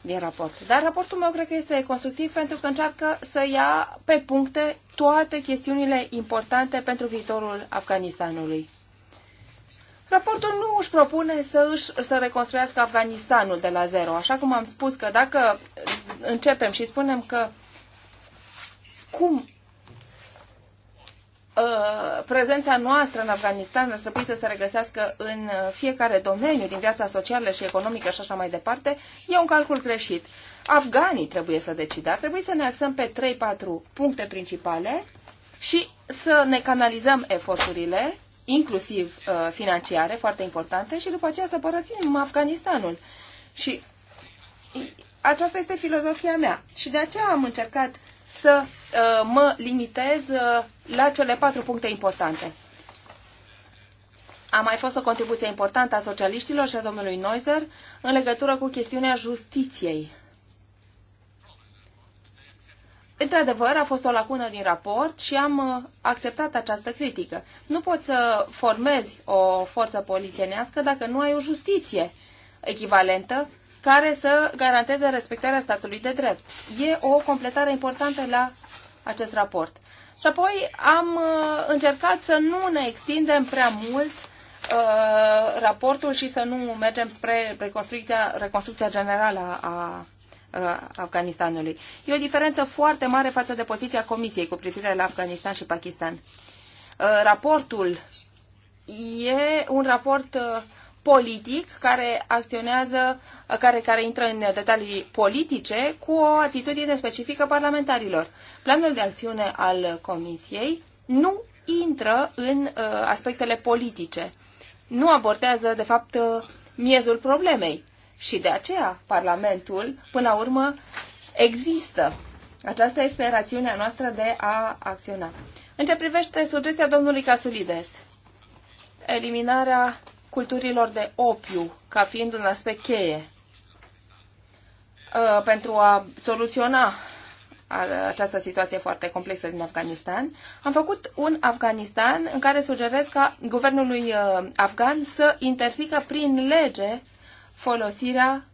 din raport. Dar raportul meu cred că este constructiv pentru că încearcă să ia pe puncte toate chestiunile importante pentru viitorul Afganistanului. Raportul nu își propune să, își, să reconstruiască Afganistanul de la zero. Așa cum am spus că dacă începem și spunem că cum Uh, prezența noastră în Afganistan ar trebui să se regăsească în uh, fiecare domeniu din viața socială și economică și așa mai departe, e un calcul greșit. Afganii trebuie să decidă. Ar trebui să ne axăm pe 3-4 puncte principale și să ne canalizăm eforturile, inclusiv uh, financiare, foarte importante, și după aceea să părăsim Afganistanul. Și aceasta este filozofia mea. Și de aceea am încercat să uh, mă limitez uh, la cele patru puncte importante. A mai fost o contribuție importantă a socialiștilor și a domnului Noizer în legătură cu chestiunea justiției. Într-adevăr, a fost o lacună din raport și am uh, acceptat această critică. Nu poți să formezi o forță polițienească dacă nu ai o justiție echivalentă care să garanteze respectarea statului de drept. E o completare importantă la acest raport. Și apoi am uh, încercat să nu ne extindem prea mult uh, raportul și să nu mergem spre reconstrucția, reconstrucția generală a uh, Afganistanului. E o diferență foarte mare față de poziția Comisiei cu privire la Afganistan și Pakistan. Uh, raportul e un raport politic care acționează, care, care intră în detalii politice cu o atitudine specifică parlamentarilor. Planul de acțiune al Comisiei nu intră în uh, aspectele politice. Nu abordează, de fapt, uh, miezul problemei. Și de aceea Parlamentul, până la urmă, există. Aceasta este rațiunea noastră de a acționa. În ce privește sugestia domnului Casulides, eliminarea culturilor de opiu ca fiind un aspect cheie uh, pentru a soluționa uh, această situație foarte complexă din Afganistan. Am făcut un Afganistan în care sugerez ca guvernului uh, afgan să interzică prin lege folosirea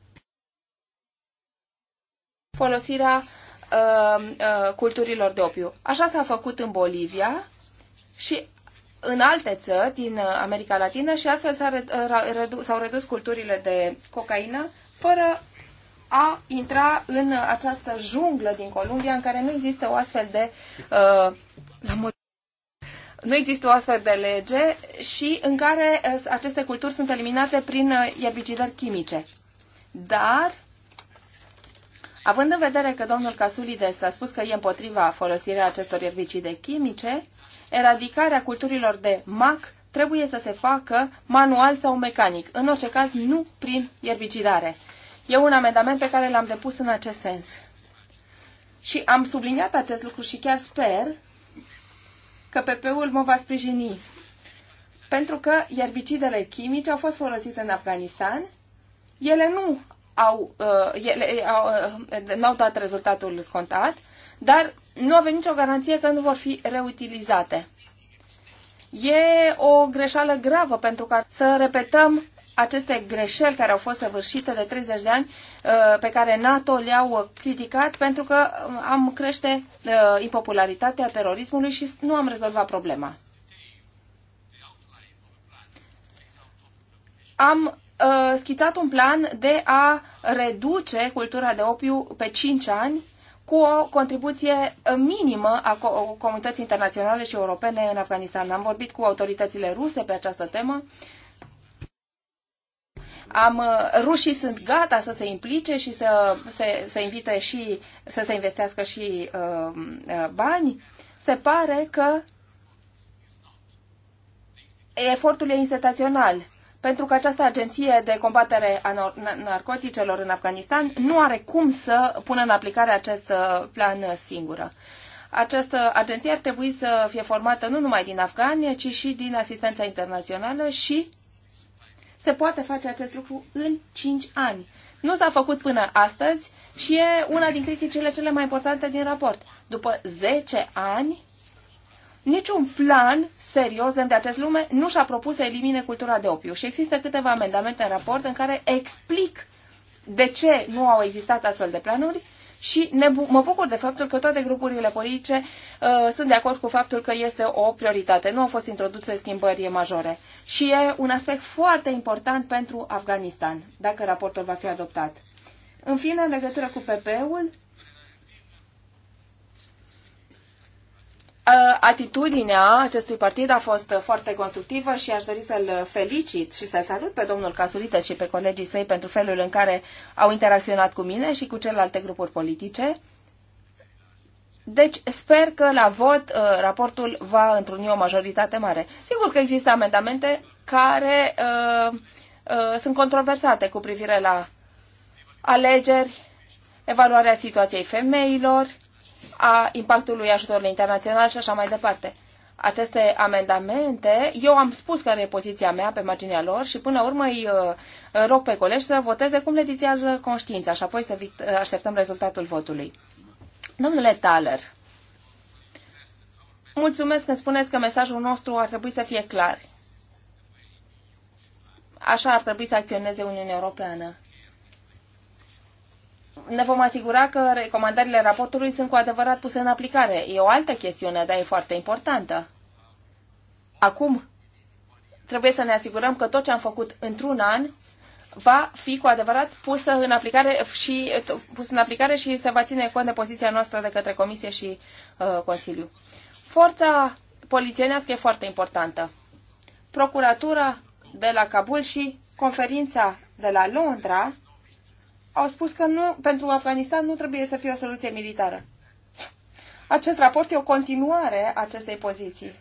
folosirea uh, uh, culturilor de opiu. Așa s-a făcut în Bolivia și în alte țări din uh, America Latină și astfel uh, s-au redus culturile de cocaină fără a intra în uh, această junglă din Columbia în care nu există o astfel de uh, nu există o astfel de lege și în care aceste culturi sunt eliminate prin erbicidări chimice. Dar, având în vedere că domnul Casulides a spus că e împotriva folosirea acestor erbicide chimice, eradicarea culturilor de mac trebuie să se facă manual sau mecanic, în orice caz nu prin erbicidare. E un amendament pe care l-am depus în acest sens. Și am subliniat acest lucru și chiar sper că PP-ul mă va sprijini. Pentru că erbicidele chimice au fost folosite în Afganistan, ele nu au, uh, ele, au, uh, n-au dat rezultatul scontat, dar nu avem nicio garanție că nu vor fi reutilizate. E o greșeală gravă pentru că să repetăm aceste greșeli care au fost săvârșite de 30 de ani, uh, pe care NATO le-au criticat, pentru că uh, am crește uh, impopularitatea terorismului și nu am rezolvat problema. Am schițat un plan de a reduce cultura de opiu pe 5 ani cu o contribuție uh, minimă a comunității internaționale și europene în Afganistan. Am vorbit cu autoritățile ruse pe această temă. Am, uh, rușii sunt gata să se implice și să, se, să invite și să se investească și uh, uh bani. Se pare că efortul e instituțional pentru că această agenție de combatere a narcoticelor în Afganistan nu are cum să pună în aplicare acest uh, plan singură. Această agenție ar trebui să fie formată nu numai din Afgani, ci și din asistența internațională și se poate face acest lucru în 5 ani. Nu s-a făcut până astăzi și e una din criticile cele mai importante din raport. După 10 ani, niciun plan serios de acest lume nu și-a propus să elimine cultura de opiu. Și există câteva amendamente în raport în care explic de ce nu au existat astfel de planuri și ne bu- mă bucur de faptul că toate grupurile politice uh, sunt de acord cu faptul că este o prioritate. Nu au fost introduse schimbări majore. Și e un aspect foarte important pentru Afganistan, dacă raportul va fi adoptat. În fine, în legătură cu PP-ul, Ă, atitudinea acestui partid a fost foarte constructivă și aș dori să-l felicit și să-l salut pe domnul Casulită și pe colegii săi pentru felul în care au interacționat cu mine și cu celelalte grupuri politice. Deci sper că la vot ă, raportul va întruni o majoritate mare. Sigur că există amendamente care uh, uh, sunt controversate cu privire la alegeri, evaluarea situației femeilor, a impactului ajutorului internațional și așa mai departe. Aceste amendamente, eu am spus care e poziția mea pe marginea lor și până la urmă îi uh, rog pe colegi să voteze cum le ditează conștiința și apoi să uh, așteptăm rezultatul votului. Domnule Thaler, mulțumesc când spuneți că mesajul nostru ar trebui să fie clar. Așa ar trebui să acționeze Uniunea Europeană ne vom asigura că recomandările raportului sunt cu adevărat puse în aplicare. E o altă chestiune, dar e foarte importantă. Acum, trebuie să ne asigurăm că tot ce am făcut într-un an va fi cu adevărat pusă în aplicare și, pus în aplicare și se va ține cont de poziția noastră de către Comisie și uh, Consiliu. Forța polițienească e foarte importantă. Procuratura de la Kabul și conferința de la Londra au spus că nu, pentru Afganistan nu trebuie să fie o soluție militară. Acest raport e o continuare a acestei poziții.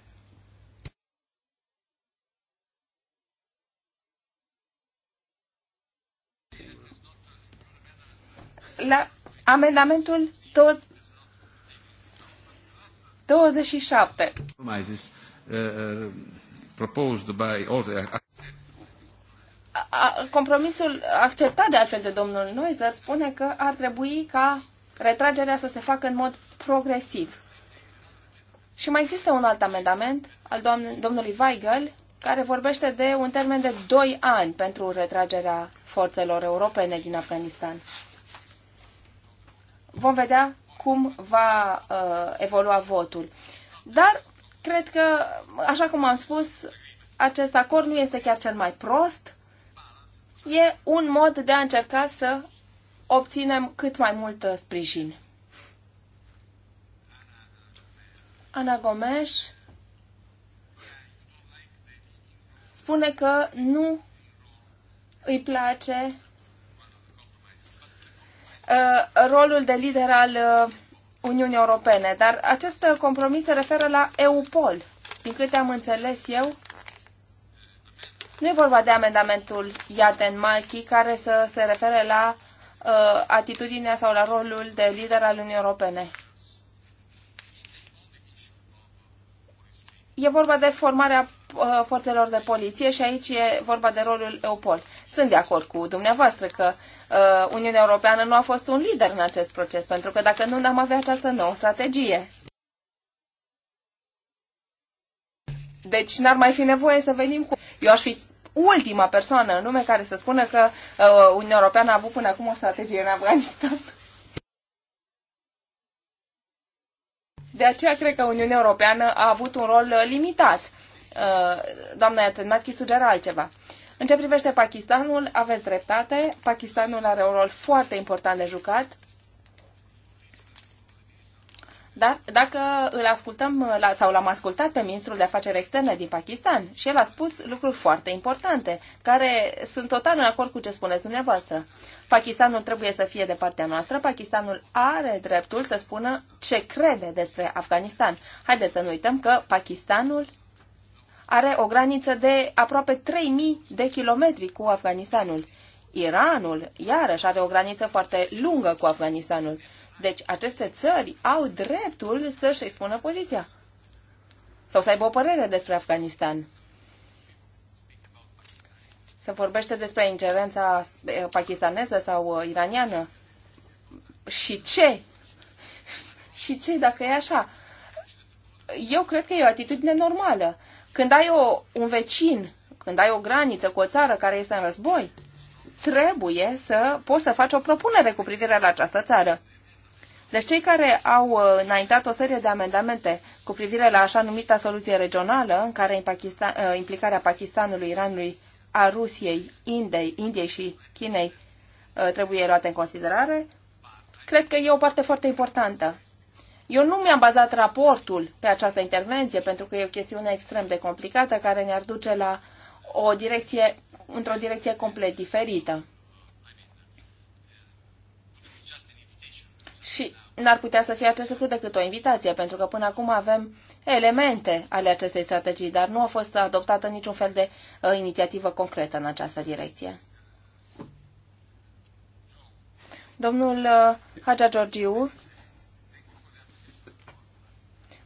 La amendamentul 27. Uh, uh, proposed by a, compromisul acceptat de altfel de domnul Noizer spune că ar trebui ca retragerea să se facă în mod progresiv. Și mai există un alt amendament al domn domnului Weigel, care vorbește de un termen de 2 ani pentru retragerea forțelor europene din Afganistan. Vom vedea cum va uh, evolua votul. Dar cred că, așa cum am spus, acest acord nu este chiar cel mai prost e un mod de a încerca să obținem cât mai mult uh, sprijin. Ana Gomes spune că nu îi place uh, rolul de lider al uh, Uniunii Europene, dar acest compromis se referă la EUPOL. Din câte am înțeles eu, nu e vorba de amendamentul Iaten Malchi care să se refere la uh, atitudinea sau la rolul de lider al Uniunii Europene. E vorba de formarea uh, forțelor de poliție și aici e vorba de rolul EUPOL. Sunt de acord cu dumneavoastră că uh, Uniunea Europeană nu a fost un lider în acest proces, pentru că dacă nu, n-am avea această nouă strategie. Deci n-ar mai fi nevoie să venim cu... Eu aș fi ultima persoană în lume care să spună că uh, Uniunea Europeană a avut până acum o strategie în Afganistan. De aceea cred că Uniunea Europeană a avut un rol uh, limitat. Uh, doamna Iatenmatchi sugera altceva. În ce privește Pakistanul, aveți dreptate. Pakistanul are un rol foarte important de jucat. Dar dacă îl ascultăm la, sau l-am ascultat pe ministrul de afaceri externe din Pakistan și el a spus lucruri foarte importante, care sunt total în acord cu ce spuneți dumneavoastră. Pakistanul trebuie să fie de partea noastră, Pakistanul are dreptul să spună ce crede despre Afganistan. Haideți să nu uităm că Pakistanul are o graniță de aproape 3000 de kilometri cu Afganistanul. Iranul, iarăși, are o graniță foarte lungă cu Afganistanul. Deci aceste țări au dreptul să-și expună poziția sau să aibă o părere despre Afganistan. Se vorbește despre ingerența eh, pakistaneză sau eh, iraniană. Și ce? [LAUGHS] Și ce dacă e așa? Eu cred că e o atitudine normală. Când ai o, un vecin, când ai o graniță cu o țară care este în război, trebuie să poți să faci o propunere cu privire la această țară. Deci cei care au uh, înaintat o serie de amendamente cu privire la așa numita soluție regională, în care Pakistan, uh, implicarea Pakistanului, Iranului, a Rusiei, Indei, Indiei și Chinei uh, trebuie luate în considerare, cred că e o parte foarte importantă. Eu nu mi-am bazat raportul pe această intervenție, pentru că e o chestiune extrem de complicată care ne-ar duce la o direcție, într-o direcție complet diferită. Și n-ar putea să fie acest lucru decât o invitație, pentru că până acum avem elemente ale acestei strategii, dar nu a fost adoptată niciun fel de uh, inițiativă concretă în această direcție. Domnul uh, Hagia Georgiu,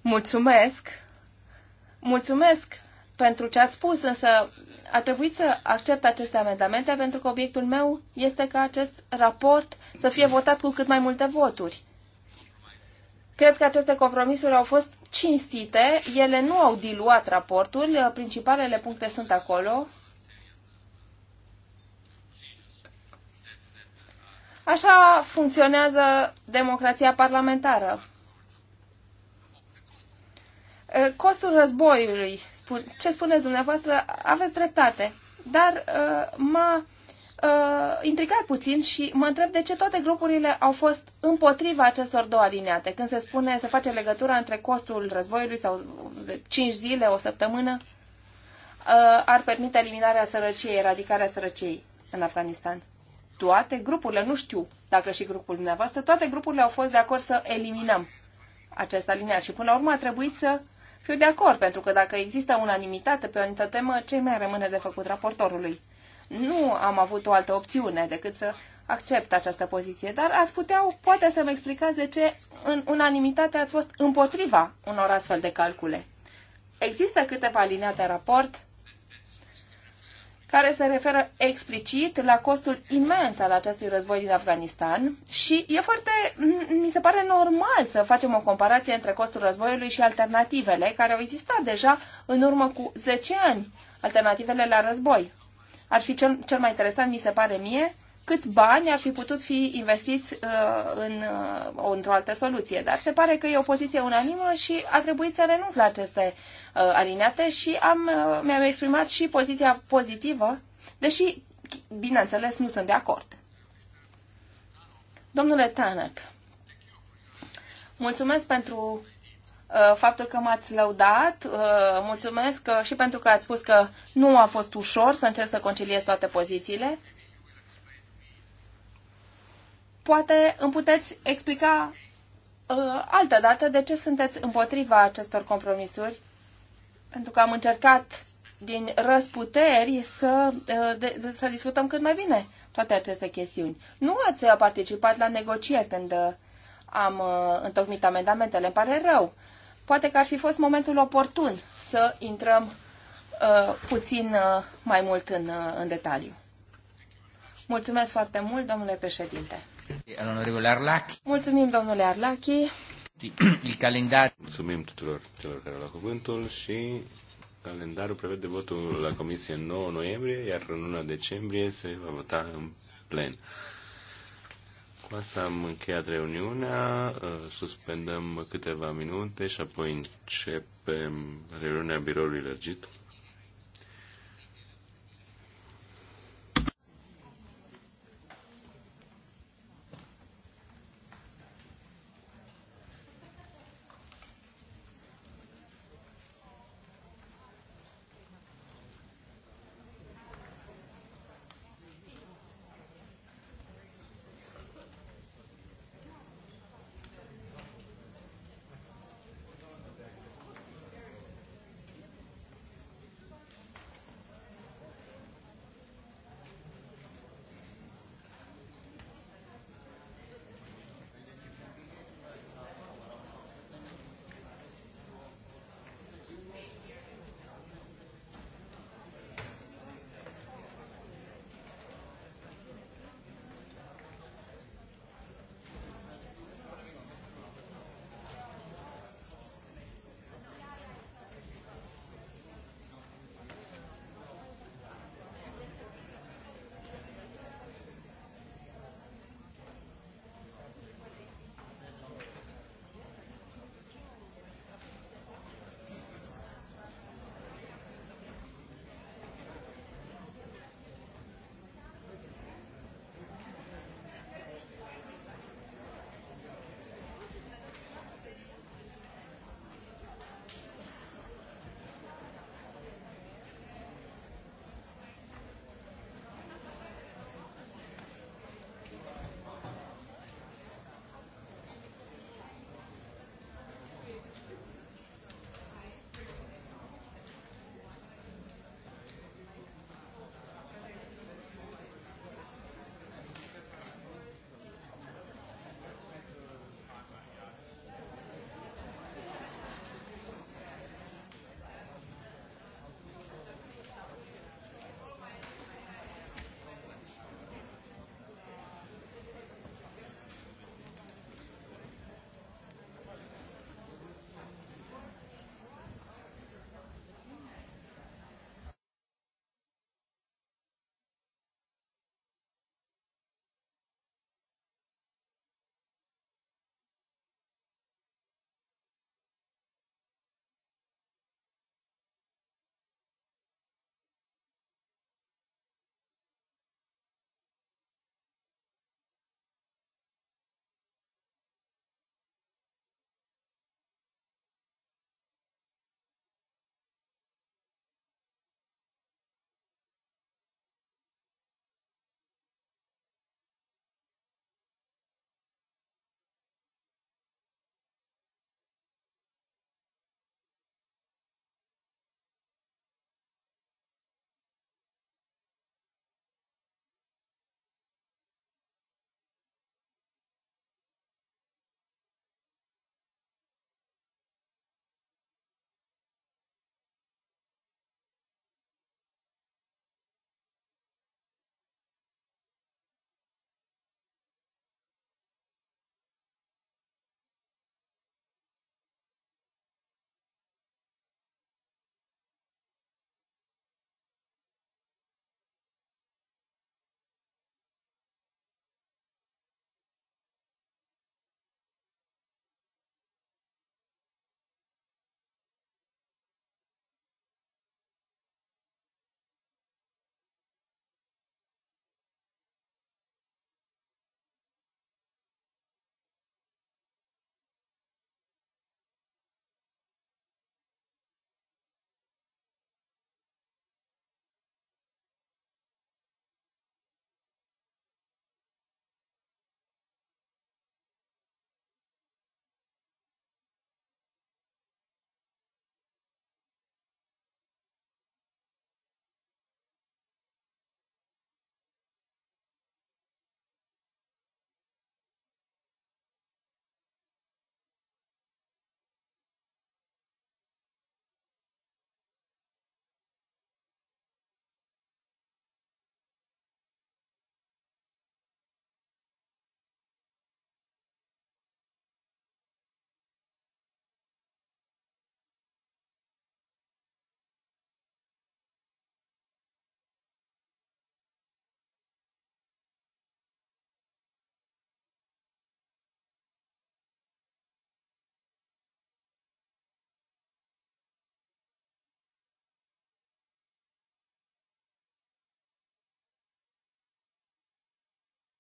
mulțumesc, mulțumesc pentru ce ați spus, însă a trebuit să accept aceste amendamente pentru că obiectul meu este ca acest raport să fie votat cu cât mai multe voturi. Cred că aceste compromisuri au fost cinstite, ele nu au diluat raportul, principalele puncte sunt acolo. Așa funcționează democrația parlamentară. Costul războiului, ce spuneți dumneavoastră, aveți dreptate, dar m-a uh, intrigat puțin și mă întreb de ce toate grupurile au fost împotriva acestor două aliniate, când se spune, se face legătura între costul războiului sau de 5 zile, o săptămână, uh, ar permite eliminarea sărăciei, eradicarea sărăciei în Afganistan. Toate grupurile, nu știu dacă și grupul dumneavoastră, toate grupurile au fost de acord să eliminăm acest aliniat și până la urmă a trebuit să fiu de acord, pentru că dacă există unanimitate pe o anumită temă, ce mai rămâne de făcut raportorului? Nu am avut o altă opțiune decât să accept această poziție, dar ați putea poate să-mi explicați de ce în unanimitate ați fost împotriva unor astfel de calcule. Există câteva alineate în raport care se referă explicit la costul imens al acestui război din Afganistan și e foarte, mi se pare normal să facem o comparație între costul războiului și alternativele care au existat deja în urmă cu 10 ani, alternativele la război ar fi cel, cel mai interesant, mi se pare mie, câți bani ar fi putut fi investiți uh, în, uh, într-o altă soluție. Dar se pare că e o poziție unanimă și a trebuit să renunț la aceste uh, alineate și am, mi-am exprimat și poziția pozitivă, deși, bineînțeles, nu sunt de acord. Domnule Tanăc, mulțumesc pentru Uh, faptul că m-ați lăudat. Uh, mulțumesc uh, și pentru că ați spus că nu a fost ușor să încerc să conciliez toate pozițiile. Poate îmi puteți explica altă dată de ce sunteți împotriva acestor compromisuri, pentru că am încercat din răsputeri să, de, să discutăm cât mai bine toate aceste chestiuni. Nu ați participat la negocieri când am întocmit amendamentele, îmi pare rău. Poate că ar fi fost momentul oportun să intrăm uh, puțin uh, mai mult în, uh, în detaliu. Mulțumesc foarte mult, domnule președinte. Mulțumim, domnule Arlachi. [CLEARS THROAT] Il calendar. Mulțumim tuturor celor care au luat cuvântul și calendarul prevede votul la comisie 9 noiembrie, iar în luna decembrie se va vota în plen. Cu asta am încheiat reuniunea, ă, suspendăm câteva minute și apoi începem reuniunea biroului lărgit.